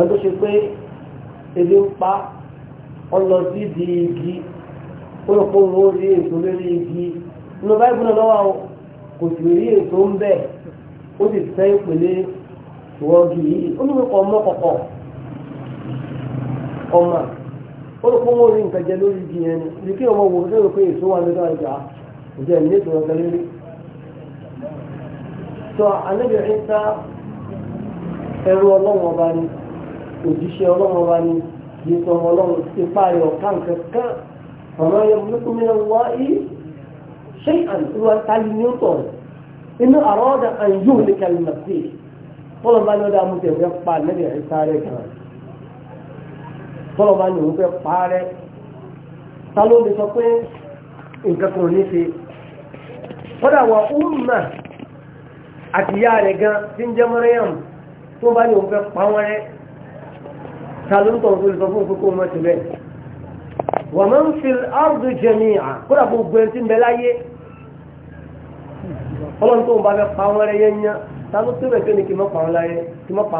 ẹgbẹ́ ṣe pé ebi ń pa ọlọ sí di igi ó lọ kó owó rí èso lórí igi inú báyìí fúnra lọ́wọ́ àwọn kò sì rí èso ń bẹ̀ ó sì fẹ́ ìpele ìwọ́gi yìí ó ní kọ́ ọmọ kọ̀kọ̀ ọmọ ó rò pé wọ́n rí nǹkan jẹ lórí igi yẹn ni ibi kí ọmọ wò ó rò pé èso wà lọ́dọ̀ àjà kò ní ètò ọ̀gá lórí. sọ anábìyà ń sá ẹrú ọlọ́wọ́n ọba ni òjíṣẹ́ ọlọ́wọ́n ọba ni kì í sọ ọmọ ọlọ́wọ́n ipa ayọ̀ kankankan ọ̀rọ̀ yẹn múlùkù mi náà wá yí ṣé àdúrà táyì ní ó tọ̀ inú àrọ́ọ̀dà àyùn ní kẹlẹ́mẹ̀tì fọlọ́ba ni ó dá mú tẹ̀wé pa anábìyà ń sáré kan tọ́lọ̀ bá ní òun fẹ́ parẹ́ ta ló lè sọ pé nǹkan kan ní ṣe kọ́dà wà umma àti ìyá rẹ̀ gan tí ń jẹ́ mọ́rẹ́yàm tó bá ní òun fẹ́ pa wọ́n rẹ́ ta ló ń tọ̀ tó lè sọ fún òkúkú ọmọ tìlẹ̀ wà máa ń fi ardu jami'a kọ́dà gbogbo ẹni tí ń bẹ láyé ọlọ́run tó ń bá fẹ́ pa yẹn yẹn ta ló tó bẹ̀ tó ní kí mọ́ pa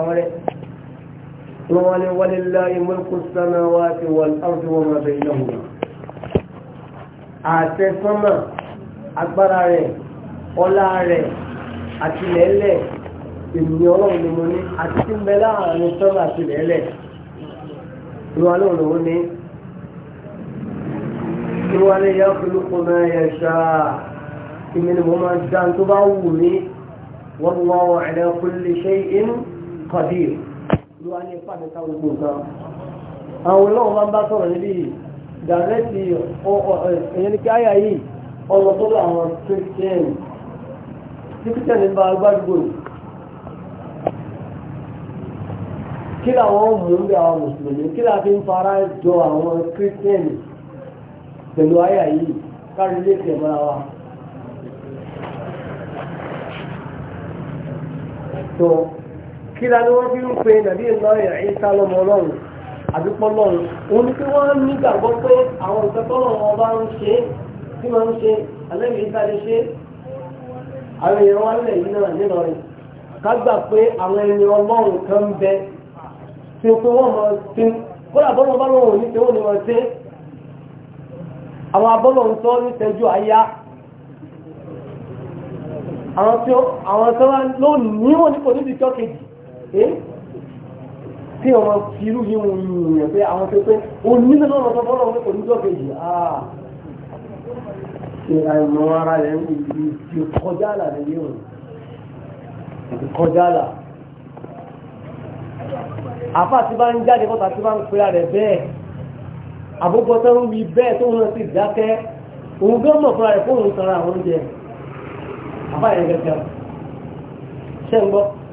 ولله ولله ملك السماوات والأرض وما بينهما àti sánmà agbára rẹ̀ ọlá rẹ̀ àti lẹ́lẹ̀ ènìyàn ọlọ́run ni mo ní àti tí ń bẹ láàrin sánmà àti lẹ́lẹ̀ ìwà lóun lòun ní ìwà lè yá fúlùkùn náà yẹ ṣáà ìmì ni mo máa ń dá tó bá wù mí wọ́n wọ́n ẹ̀rẹ́ kúlẹ̀ ṣe é ń kọ̀dí ló wá ní ipá mẹ́ta gbogbo nǹkan àwọn ọlọ́run máa ń bá sọ̀rọ̀ níbí dàrẹ́tì ẹ̀yẹn ní káyà yìí ọ̀rọ̀ tó lọ àwọn christian christian ń bá gbádùgbò kí làwọn mú ń bẹ àwọn mùsùlùmí kí làwọn fi ń fara jọ àwọn christian pẹ̀lú àyà yìí kárí ilé ìfẹ́ mọ́ra wa. tó kí la ni wọ́n fi ń pe nàbí ìlọrin àyíká lọ́mọ ọlọ́run àdúpọ̀ lọ́run òun ni pé wọ́n nígbàgbọ́ pé àwọn nǹkan tọ́lọ̀ wọn bá ń ṣe tí wọ́n ń ṣe alẹ́bí ìta lè ṣe àwọn èèyàn wá nílẹ̀ yìí náà nílọrin ká gbà pé àwọn ẹni ọlọ́run kan ń bẹ tí pé wọ́n mọ tí kódà bọ́lọ̀ bá lọ́wọ́ ní tí wọ́n ní wọ́n ṣe àwọn abọ́lọ̀ ń tọ́ ní tẹ́jú àyá àwọn tí wọ́n lónìí wọn ní kò níbi jọ́ kejì tí ọmọ irú yìí wọn yìí yẹn pé àwọn tó pé òní nínú ọ̀nà tó bọ́lọ̀ wọn kò ní jọ́kẹ́ yìí áà ìrà ìmọ̀ ara rẹ̀ ń bí ti kọjá àlà rẹ̀ yìí wọn ti kọjá àlà àfà tí bá ń jáde bọ́ta tí bá ń pera rẹ̀ bẹ́ẹ̀ àbúgbọ́ tó ń wí bẹ́ẹ̀ tó ń sì dákẹ́ òun gán mọ̀ fúnra rẹ̀ fóun sanra àwọn oúnjẹ àfà yẹn gẹ́gẹ́ ṣẹ́ ń gbọ́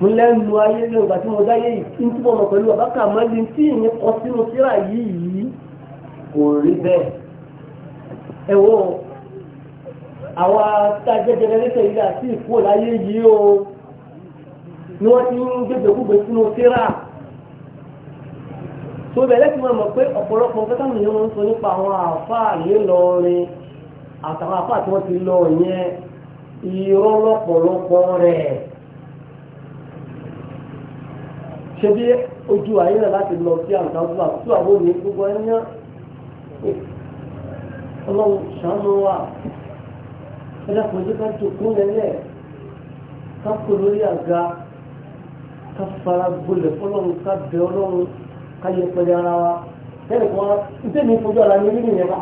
mo lẹ́nu ayé lẹ́nu ìgbà tí mo dáyé yìí túbọ̀ mọ̀ pẹ̀lú àbákà mọ́lì tí ìyẹn kọ sínú síra yìí kò rí bẹ́ẹ̀. ẹ wo àwa tá a jẹ́ jẹnẹrétọ̀ yìí àti ìkú yìí o ni wọ́n ti ń gbẹgbẹ́ gbogbo sínú síra. tó mọ̀ pé ọ̀pọ̀lọpọ̀ sọ nípa àwọn àtàwọn tí wọ́n ti ṣe bí ojú ayé rẹ̀ láti lọ sí àǹtàkùn àtúntò àwọn òní gbogbo ẹni ọlọ́run ṣàánú wa ẹlẹ́kùn ojú ká jòkó lẹ́lẹ́ ká kó lórí àga ká fara gbolẹ̀ fọlọ́run ká bẹ ọlọ́run ká yẹ pẹ̀lẹ́ ara wa kẹ́nì kan ntẹ́ mi fojú ara mi nínú yẹn bá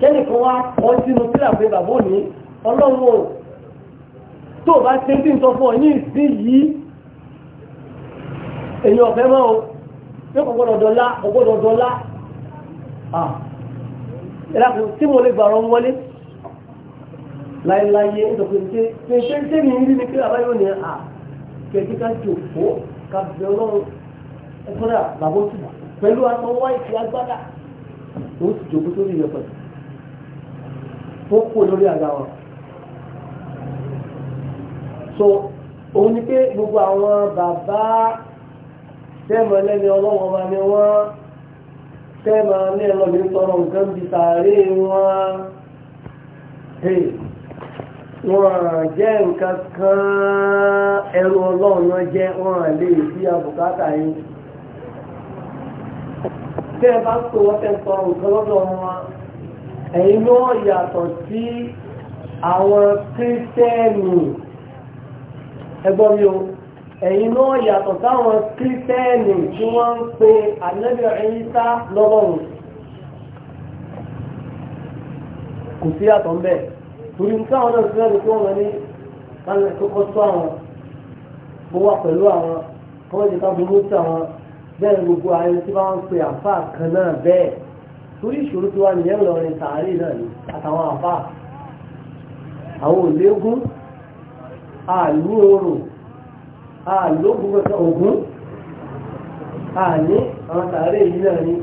kẹ́nì kan wá kọ́ sínú sílà bàbá òní ọlọ́run tó o bá ṣe ń tí ń sọ fún ọ ní ìsín yìí èyí ọ̀fẹ́ mọ́ o yóò kò gbọ́dọ̀ dọ́lá kò gbọ́dọ̀ dọ́lá ìlàkùn tí mo lè gbà rọ wọlé láéláyé ìdọ̀kùn tí ṣe ṣe ní ìrírí ni pé àbáyọ ni à kẹ̀kí ká jòkó ká bẹ ọlọ́run ẹ̀fọ́dà bàbá òtún pẹ̀lú aṣọ wáìtì agbádá òun sì jòkó sórí ìyẹ̀pẹ̀ tó kó lórí àga wọn so òun ni pé gbogbo àwọn bàbá tẹ́ẹ̀mà lẹ́ni ọlọ́wọ́ bá ní wọ́n tẹ́ẹ̀mà ní ẹlọ́bí tọrọ nǹkan bí tààrí wọn wọ́n jẹ́ nǹkan kan ẹrù ọlọ́run náà jẹ́ wọ́n lè fi àbùkátà yìí tẹ́ẹ̀ bá tó wọ́n tẹ́ tọrọ nǹkan lọ́dọ̀ wọn ẹ̀yin náà yàtọ̀ sí àwọn kírísítẹ́nì ẹgbọ́n mi o ẹ̀yin náà yàtọ̀ táwọn kírísítẹ́nì tí wọ́n ń pe ànábì Ìsá lọ́lọ́run kò sí yàtọ̀ ń bẹ̀ torí nǹkan àwọn náà sílẹ̀ tó wọ́n ní kálẹ̀ tó kọ́ tó àwọn kó wà pẹ̀lú àwọn kó wọ́n ti ká burú sí àwọn bẹ́ẹ̀ gbogbo ayé tí wọ́n ń pe àfa kan náà bẹ́ẹ̀ torí ìṣòro tí wà nìyẹn lọrin tààrí náà ni àtàwọn àfa àwọn ò àlú oòrùn àlóògùn kankan ògùn àní àwọn tààrẹ yìí náà ni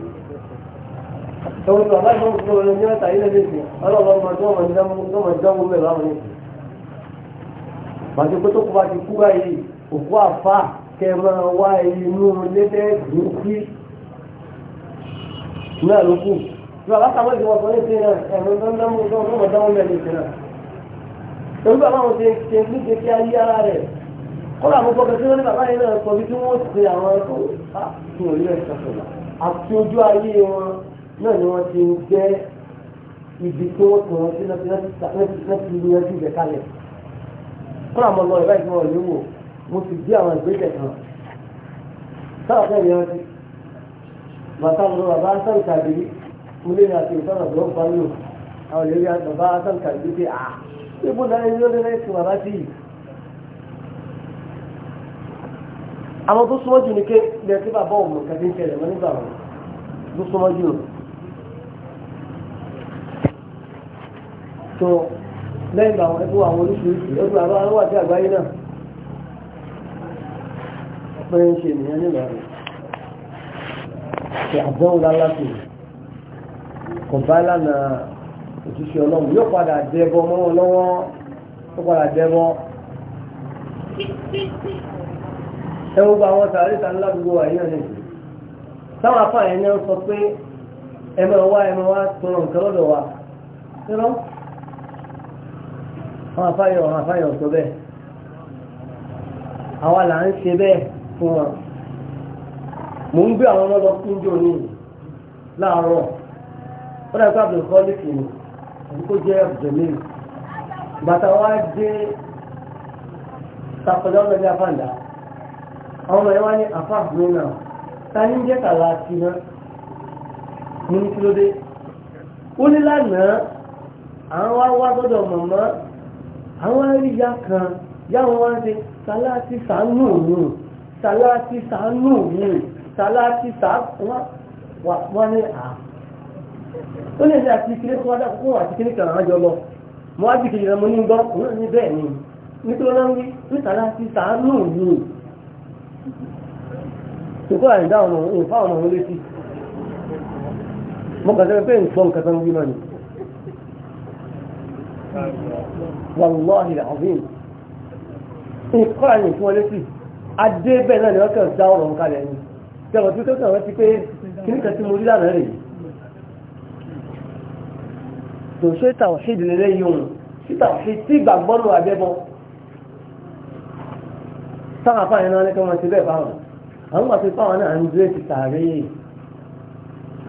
ẹwọ́n tó àbájọ fún ọmọ ní ọ̀tà ilẹ̀ méjì ọlọ́run ọmọ tó wọn dánwó mẹ́rin láwọn ni màtí kótó kó bá ti kú báyìí òkú àfà kẹ máa wá inú lẹ́tẹ̀ẹ́ dùn sí náà ló kù lọ látàwọn ìdíwọ̀n tó ní sí náà ẹ̀rùn tó ń dánwó tó wọn dánwó mẹ́rin sí náà. torí bàbá wọn ti ṣe ní kékeré ayé ara rẹ̀ kọ́lá àwọn ọkọ̀ tí wọ́n ní bàbá yẹn náà sọ bí kí wọ́n ṣe àwọn ẹ̀kọ́ fún òní ẹ̀ka sọ̀rọ̀ àti ojú ayé wọn náà ni wọ́n ti ń jẹ́ ibi tí wọ́n tọ̀ wọ́n sí láti lu ẹjú ìbẹ̀ kalẹ̀ kọ́lá àwọn ọmọ ìbáyìí wọn lè wò mo sì gbé àwọn ìgbésẹ̀ kan sáà fẹ́ yẹn ti bàtà lọ bàbá sáà ìtàgé mo lè rìn àti ìtàn àbúrò bá lò àwọn ìlérí bàbá sáà ìtàgé pé ah, à àwọn tó súnmọ́ jù ní ké ilẹ̀ tí bàbá òun kàdé ń tẹ̀lẹ̀ mọ́ nígbà wọn tó súnmọ́ jù tó lẹ́yìn àwọn ẹgbẹ́ àwọn oríṣiríṣi ẹgbẹ́ àwọn aláwàdí àgbáyé náà ọ̀pẹ́ ń ṣe ènìyàn nígbà rẹ̀ ṣe àdánwò lálásì kò bá lánàá òṣìṣẹ́ ọlọ́run yóò padà dẹ́bọ mọ́ wọn lọ́wọ́ yóò padà dẹ́bọ ẹwọ́ bá wọn tààrí ta ńlá gbogbo wà yíyan nìyí táwọn afá yẹn náà sọ pé ẹ wá ẹ wá tọrọ nǹkan lọ́dọ̀ wa ṣẹlọ àwọn afá yẹn àwọn afá yẹn sọ bẹ́ẹ̀ àwa là ń ṣe bẹ́ẹ̀ fún wa mò ń gbé àwọn ọmọ lọ fún jò ní láàárọ̀ ó dàgbà abdulkọ́lìkì ni àdúgbò jẹ́ abdulmir bàtà wa dé sàkọjọ́ lọ́jà fàǹdà. àwọn ọmọ yẹn wá ní àfáàfin náà ta ní jẹ́ kàlá náà kí ló dé ó ní àwọn wá wá àwọn kan yáwọn wá ṣe sàláàtì sàánù òun sàláàtì sàánù òun sàláàtì sàánù wọn ní à ó lè ní àti ìkíní kan wádà fún àti kan àjọ lọ mo ní òun ní ni nítorí tó àyìn dá ọmọ òun fáwọn ọmọ òun létí mo kàn sẹ́yìn pé nǹkan kan tó ń bímọ ni wàlúwàhì àbín nǹkan àyìn fún ọ létí adé bẹ́ẹ̀ náà ni wọ́n kàn dá ọ̀rọ̀ nǹkan lẹ́nu tẹ̀wọ̀ tí kẹ́kẹ́ wọ́n ti pé kíní kan tí mo rí lánàá rèé tó ṣe tàwọn ṣéde lélẹ́yìn òun ṣé tàwọn ṣe tí ìgbàgbọ́nù àbẹ́bọ táwọn afáàyàn náà ní kí wọ́n ti bẹ́ẹ̀ fáwọn àwọn àti fáwọn náà ń gbé ti tààrí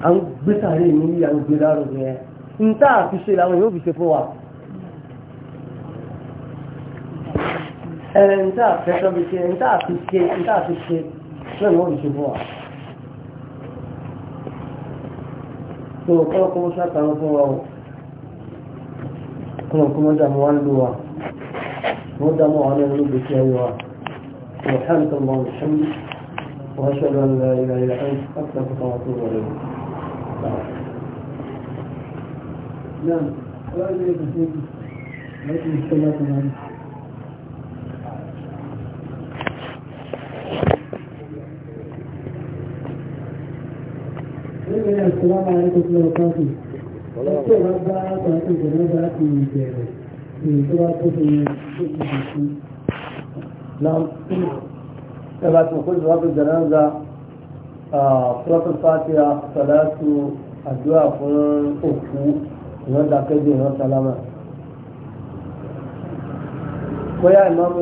à ń gbé tààrí ní à ń gbé lárugẹ ń tá àfi ṣe làwọn yóò fi ṣe fún wa ẹ̀rẹ̀ ń tá àfẹ́tọ́ fi ṣe ń tá àfi ṣe ń tá àfi ṣe lọ́nà wọ́n fi ṣe fún wa tó kọ́lọ́kọ́ mọ́ ṣàtàwọn fún wa o kọ́lọ́kọ́ mọ́ dàmú wa ń lò wa mọ́ dàmú wa ń lò gbèsè ayé wa سبحانك اللهم وبحمدك وأشهد أن لا إله إلا أنت اكثر وأتوب إليك نعم لا إله إلا أنت لكن نعم السلام عليكم ورحمة الله وبركاته. تبعت كل صلاة الجنازة صلاة الفاتحة صلاة الدعاء فلان أكو يرد أكيد يرد سلامة ويا إمام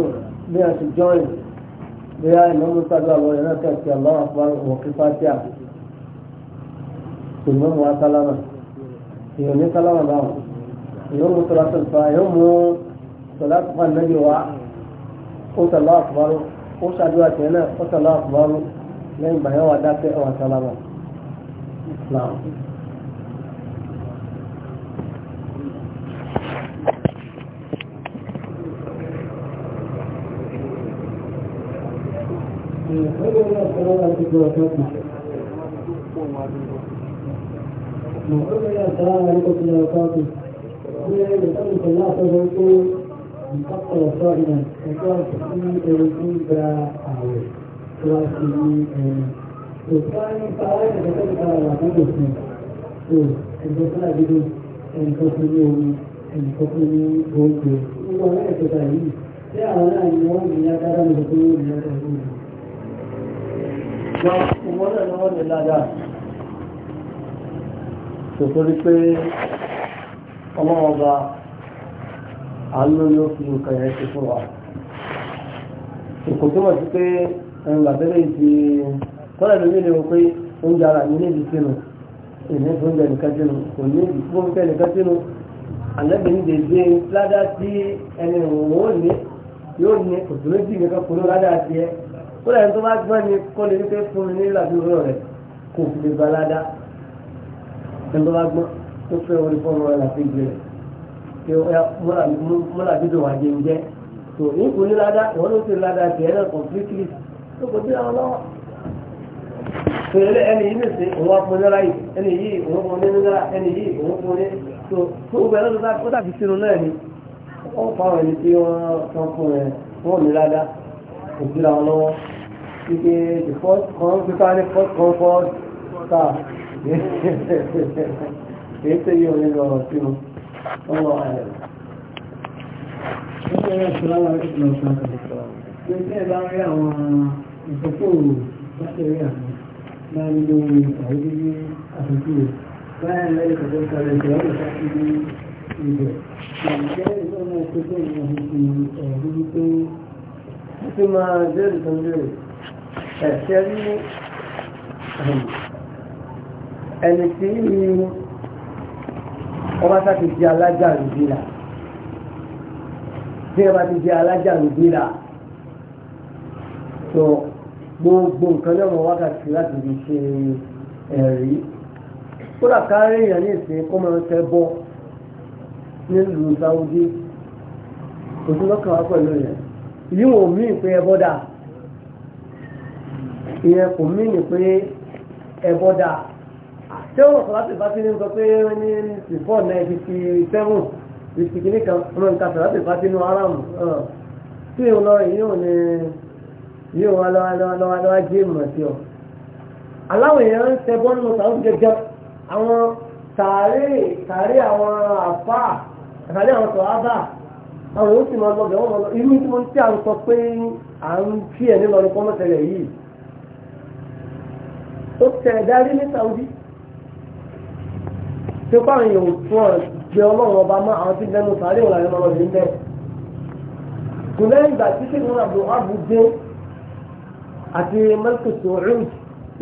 بيع الجوين بيع إمام صلى الله عليه وسلم الله أكبر وقفاتها ìmọ̀mù asálámà èèyàn ní sálámà báwọn èèyàn mú sọlá tó fa èèyàn mú sọlá tó fa nàbí wa ó sọlá àkùbárò ó ṣàdúrà tẹ̀ náà ó sọ̀rọ̀ àkùbárù lẹ́yìn ìgbà yẹn wà dákẹ́ ọ̀wà sálámà islam. Thank you ìfọ́pọ̀ sọ́ọ̀nà ẹjọ́ tí eruku gba àwẹ̀ tí wọ́n ti ní ẹni. kò sá ní sáwọ́ ìdẹ́gbẹ́ ìgbà wà ní òfin tó ẹgbẹ́ tó làdúgbò ẹnìkan tó ní omi ẹnìkan tó ní oúnjẹ. gbogbo àwọn ẹ̀kẹta yìí tí àwọn náà ni wọ́n ní agbára ní gbogbo ní agbára ní òfin. ìmọ̀lẹ̀ ni àánú ló fi nǹkan yẹn ṣe fún wa kò túmọ̀ sí pé ẹ̀rùn àtẹ́lẹ̀ ti kọ́lá lómi lè wọ pé oúnjẹ ara mi níbi sínú èmi fún oúnjẹ nìkan sínú kò ní ibi fún oúnjẹ nìkan sínú àlẹ́bí ní dèdè ládá tí ẹni òun ò ní yóò ní kò tó méjì nìkan kò ní ládá ti ẹ kọ́lá yẹn tó bá gbọ́n ni kọ́ lè ní pé fún mi ní ìlàbí òwúrọ̀ rẹ̀ kò fi lè gba ládá ẹni tó bá gbọ́n tó fẹ́ orí pé múra dídò wà jẹun jẹ tó ní kò ní ládàá ìwọ ló ti ládàá tiẹ̀ náà completely tó kò dé àwọn lọ́wọ́ tó yẹ ẹni yìí nìsín òun afúnilá yìí ẹni yìí òun fún nílá ẹni yìí òun fún ní tó tó gbẹ lọ́dún ó dàbí sínú náà ni wọ́n fa àwọn ẹni tí wọ́n tán fún ẹ wọ́n ní ládàá kò sí àwọn lọ́wọ́ ike the first kan fífa ní first kan first star èyí tẹ̀yẹ òun ní lọ sí الله أعلم السلام عليكم ورحمة الله وبركاته. بقى يا الدكتور بكر ما من تعيدي أفكير فأنا ذلك ذلك الذي أفكير ثم ذلك ذلك الشريف ẹni tí ọba sá ti di alájà rúbílà tí ọba ti di alájà rúbílà tó gbogbo nǹkan lẹ́wọ̀n wákàtí láti fi ṣe ẹ̀rí kódà kárí èèyàn ní ìsìn kó máa ń tẹ́ bọ́ nílùú sáwùdí kò sí lọ́kàn wá pẹ̀lú yẹn ìlú wọn ò mí ìpè ìyẹn kò mí ìpè ẹbọ́dà ṣé wọn sọ láti ìbátí ní sọ pé ní ìfọ̀ náà fifty seven fifty kìíní kan ọmọ nǹkan sọ láti ìbátí ní aram tí ìhun lọ yìí ò ní yìí wọn lọ́wọ́lọ́wọ́ jẹ́ ìmọ̀ sí ọ. tari èèyàn ń tẹ bọ́ọ̀lù sàrún gẹ́gẹ́ àwọn tààrí tààrí àwọn àfà àtàrí àwọn sọ̀hábà àwọn yóò sì máa lọ bẹ̀rẹ̀ wọn lọ irú tí mo ti à ń sọ pé à ń fi ẹ̀ nílọrin kọ́mọ́tẹ̀lẹ̀ yìí ó tẹ̀ dárí ní Saudi tí ó báwọn èèyàn tún ọ̀ jẹ ọlọ́run ọba mọ́ àwọn tí lẹ́nu sàárè òun làwọn ọmọ rẹ̀ ń bẹ̀. kò lẹ́yìn ìgbà tí sèkún àbò àbò dé àti mẹ́tòtò rúùt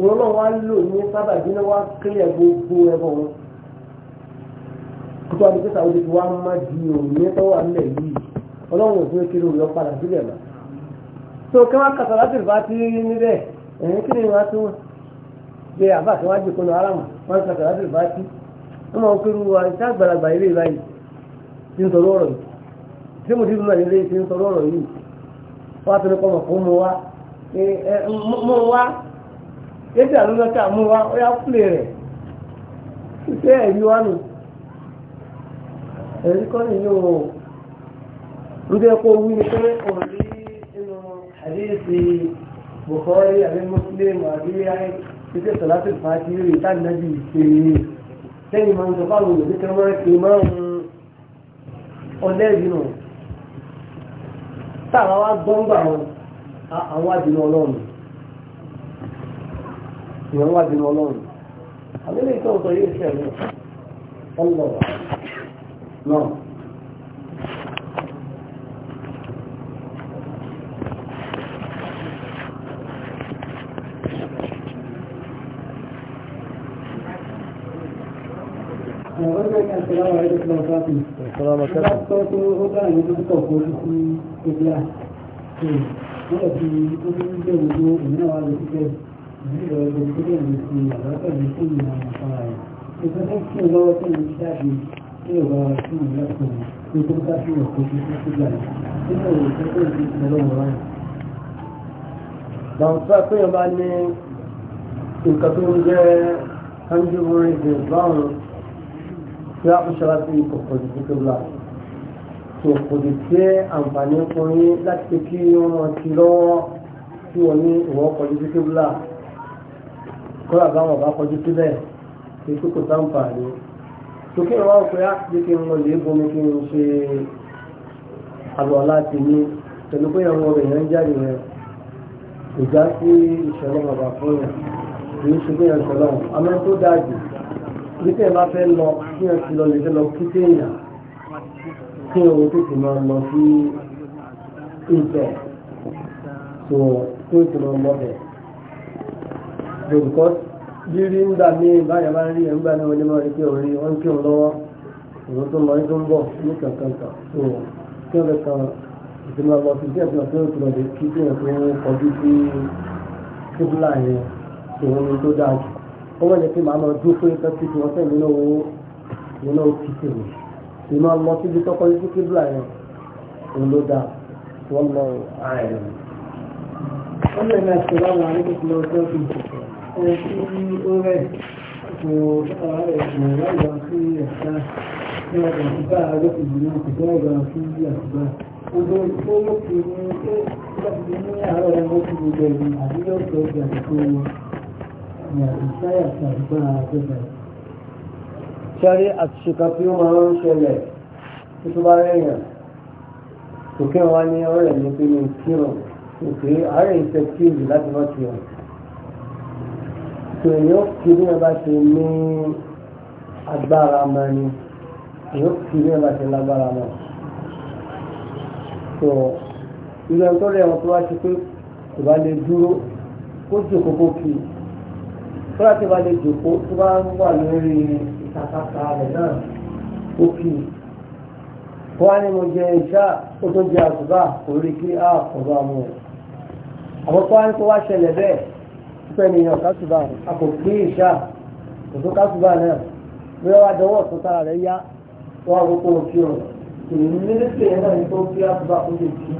òun náà wá lò ní sábà bí wọ́n wá kílẹ̀ gbogbo ẹ̀rọ wọn. kótó àdúgbò sàwọn ti wá má di òní tó wà nílẹ̀ yìí ọlọ́run òfin kiri òun yọ padà sílẹ̀ mọ́. tó kí wọ́n kàtà láti bá ti rí níbẹ̀ ẹ̀yìn kí ni wọ́n á tún wọ́n. bí àbá àti wọ́n á jẹ́ kó lọ aráàmù wọ́n kàtà láti bá ti rí wọ́n máa ń pẹ́rù wa iṣẹ́ àgbàlagbà ilé báyìí ti ń sọ̀rọ̀ ọ̀rọ̀ yìí tí mo ti fi máa ilé ti ń sọ̀rọ̀ ọ̀rọ̀ yìí wọ́n á tẹnu kọ́ mọ̀ fún mu wá mú wá yéésì àlùmọ́ká mú wá ó yá kúlè rẹ̀ iṣẹ́ ẹ̀rí wá nù ẹ̀rí kọ́ nìyí o ǹjẹ́ kó wí ni pé òun rí inú àdéhìsí Bukhari àbí Muslim àbí ayé ti tẹ̀sán láti fàájì rí ìtàn náà bí ìṣe yìí. sẹ́yìn máa ń sọ ike olùdí kan máa ń pè máa ń ọlẹ́rìí nù táwa wá gbọ́ngbà wọn àwọn àdínà ọlọ́run ìwọ̀n wá àdínà ọlọ́run àbẹ́lẹ̀ ìtọ́ ọ̀tọ̀ yìí ṣẹ̀lẹ̀ ọlọ́run náà. السلام عليكم ورحمة الله السلام عليكم ورحمة الله وبركاته Nígbà tí ó ti ń jẹ́ gbogbo ìmìnà wa lè ṣiṣẹ́ ìdílé ọgbọ̀n tó dẹ̀ lè fi àlọ́kọ̀ lè fún ìlànà àpárá rẹ̀. Ìfẹ́ fẹ́ kí lọ́wọ́ tó ń ṣáàbì tí ó bá fún ìlẹ́kùn tó tó bá fún ọ̀pọ̀ tó tó tó gbàlẹ̀. Nínú òwò tó tó ń fi lọ́wọ́ wa. Bàbá pé ọba ní nǹkan tó ń jẹ́ tangible reasons báwọn tí a kò ṣọ́ra sí ipò kò sí tó la tó kò lè jẹ́ àǹfààní fún yín láti pé kí wọ́n ti lọ́wọ́ tí wọ́n ní ìwọ́ kọjú sí tó la kọ́lá báwọn bá kọjú síbẹ̀ kí tó kò sáǹfààní tó kí wọ́n pé á ah, ti kí wọ́n lè bomi kí wọ́n ṣe àlọ́ láti ní pẹ̀lú pé àwọn ọmọ èèyàn jáde rẹ̀ kò já sí se bàbá fún yẹn kì í ṣe pé yẹn ṣẹlẹ̀ àmọ́ tó dáa jù bí tẹ́ bá fẹ́ lọ kí ẹ ti lọ lè fẹ́ lọ kí tẹ́ èèyàn kí owó tètè máa lọ sí ìjọ tó tó tètè máa lọ bẹ̀. Bẹ̀rùkọ́ rírí ń gbà mí báyà bá rí ẹ̀ ń gbà náà wọlé máa rí pé orí wọ́n kí òun lọ́wọ́ òun tó lọ tó ń bọ̀ ní kankan kan tó kí ọ̀rẹ́ kan tètè máa lọ sí ìjọ ìjọ tó tètè lọ lè kí tẹ́ ẹ̀ tó kọjú sí kíbùlà yẹn tó ń tó dáa jù ó wọ́n ní pé màá máa dúró fún ìtọ́jú tí wọ́n fẹ́ nínú owó nínú títì mi kì í máa lọ síbi tọ́kọ ní kíkébùlà yẹn òun ló dáa wọ́n lọ ààrẹ rẹ̀. wọ́n lè máa ṣe láwọn arékùnkùn lọ sí ọ̀sìn ẹni tí ó rẹ̀ kò ààrẹ ìgbìmọ̀ sí ẹ̀ka ní ọ̀dọ̀ ìgbà arékùnkùn náà kò tẹ́ ọ̀gá sí àtìgbà. Odo tó ló fi ní ṣé ní àárọ̀ ẹ̀mọ́ ti gbogbo ẹ̀yìn àbí yóò tó ìgbà tó ṣẹ́rí àtìṣẹ́ká tí ó máa ń ṣẹlẹ̀ tó tó bá rẹ̀yàn tó kí wọ́n ní ọ̀rẹ́ ní pé ní kírùn òkè ààrẹ ìfẹ́kìlì láti wọ́n ti hàn tó èyàn kí ní ọba ṣe ní agbára ma ni èyàn kí ní ọba ṣe lágbára ma tó kọ́lá tí wàá lè jòkó tó bá ń wà lórí ìtàkàkà rẹ̀ náà ó kì í. wọ́n á ní mo jẹ ìṣá ó tó jẹ àtúbà kò rí kí á kọ̀ọ̀bá mu rẹ̀. àwọn kọ́lá ní kó wá ṣẹlẹ̀ bẹ́ẹ̀ pípẹ́ nìyàn kásùbà a kò kí ìṣá kò tó kásùbà náà bí wọ́n wá dọwọ́ tó tára rẹ̀ yá wọ́n á kókó òkè ọ̀rọ̀. èyí ní lè é náà ní tó kí àtúbà kó lè kí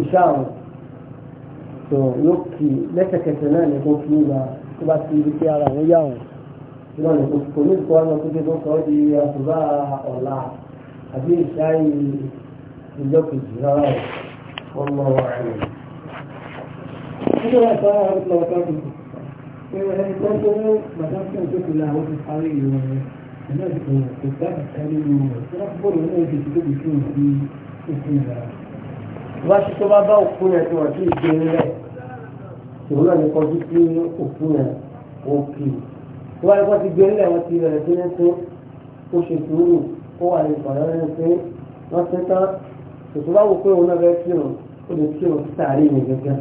ìṣá àwọn tó yóò kì í lẹ́sẹ̀kẹsẹ̀ náà ní kó kí ìgbà tó bá ti ibi tí ara òun yà wọn. ìgbà ní kò ní kó ọmọ tó ké tó sọ ọ́ di àtúbà ọ̀la àbí ìṣáyé ìjọ kejì rárá o ọmọ wa rẹ̀. nígbà tí wọ́n ń lọ sọ́dún ẹ̀rọ ẹni tó ń gbọ́ bàtà fún ìjọ kejì àwọn ti parí ìrọ̀ rẹ̀ ìná ìdìbò kò dábì kárí ìrọ̀ rẹ̀ tí wọ́n bọ̀rọ̀ náà ti ti tóbi fún ìdí òkú ìlà. wá sí tó bá bá òkú yẹn tó wà sí ìgbé rẹ̀ òun náà ní kọjú sí òfin rẹ̀ òkè tó wáyé wọ́n ti gbé nílẹ̀ wọ́n ti bẹ̀rẹ̀ sí ní pé ó ṣe sùúrù ó wà ní ìpàdé ní pé wọ́n ti tán tòtò bá wò pé òun náà fẹ́ kírun ó lè kírun sí sàárè yẹn gẹ́gẹ́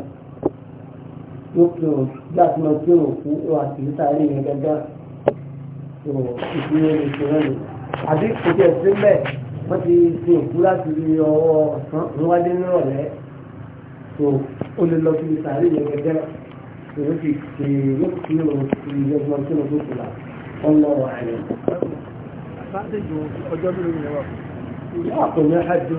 yóò kírun bí àti máa kírun fún ó wà sí sàárè yẹn gẹ́gẹ́ tó ìpínlẹ̀ lè ṣe náà àbí kò tiẹ̀ sí mẹ́ wọ́n ti ṣe òkú láti rí ọwọ́ ọ̀sán níwájú nírọ̀lẹ́ قول لو في التعليم يا جدع في في في يجمع كل دول الله اعلم بعد الجو قدام النواب حد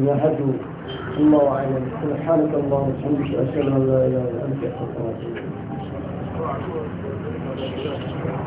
الله اعلم كل الله الحمد لله اشهد ان لا اله الا الله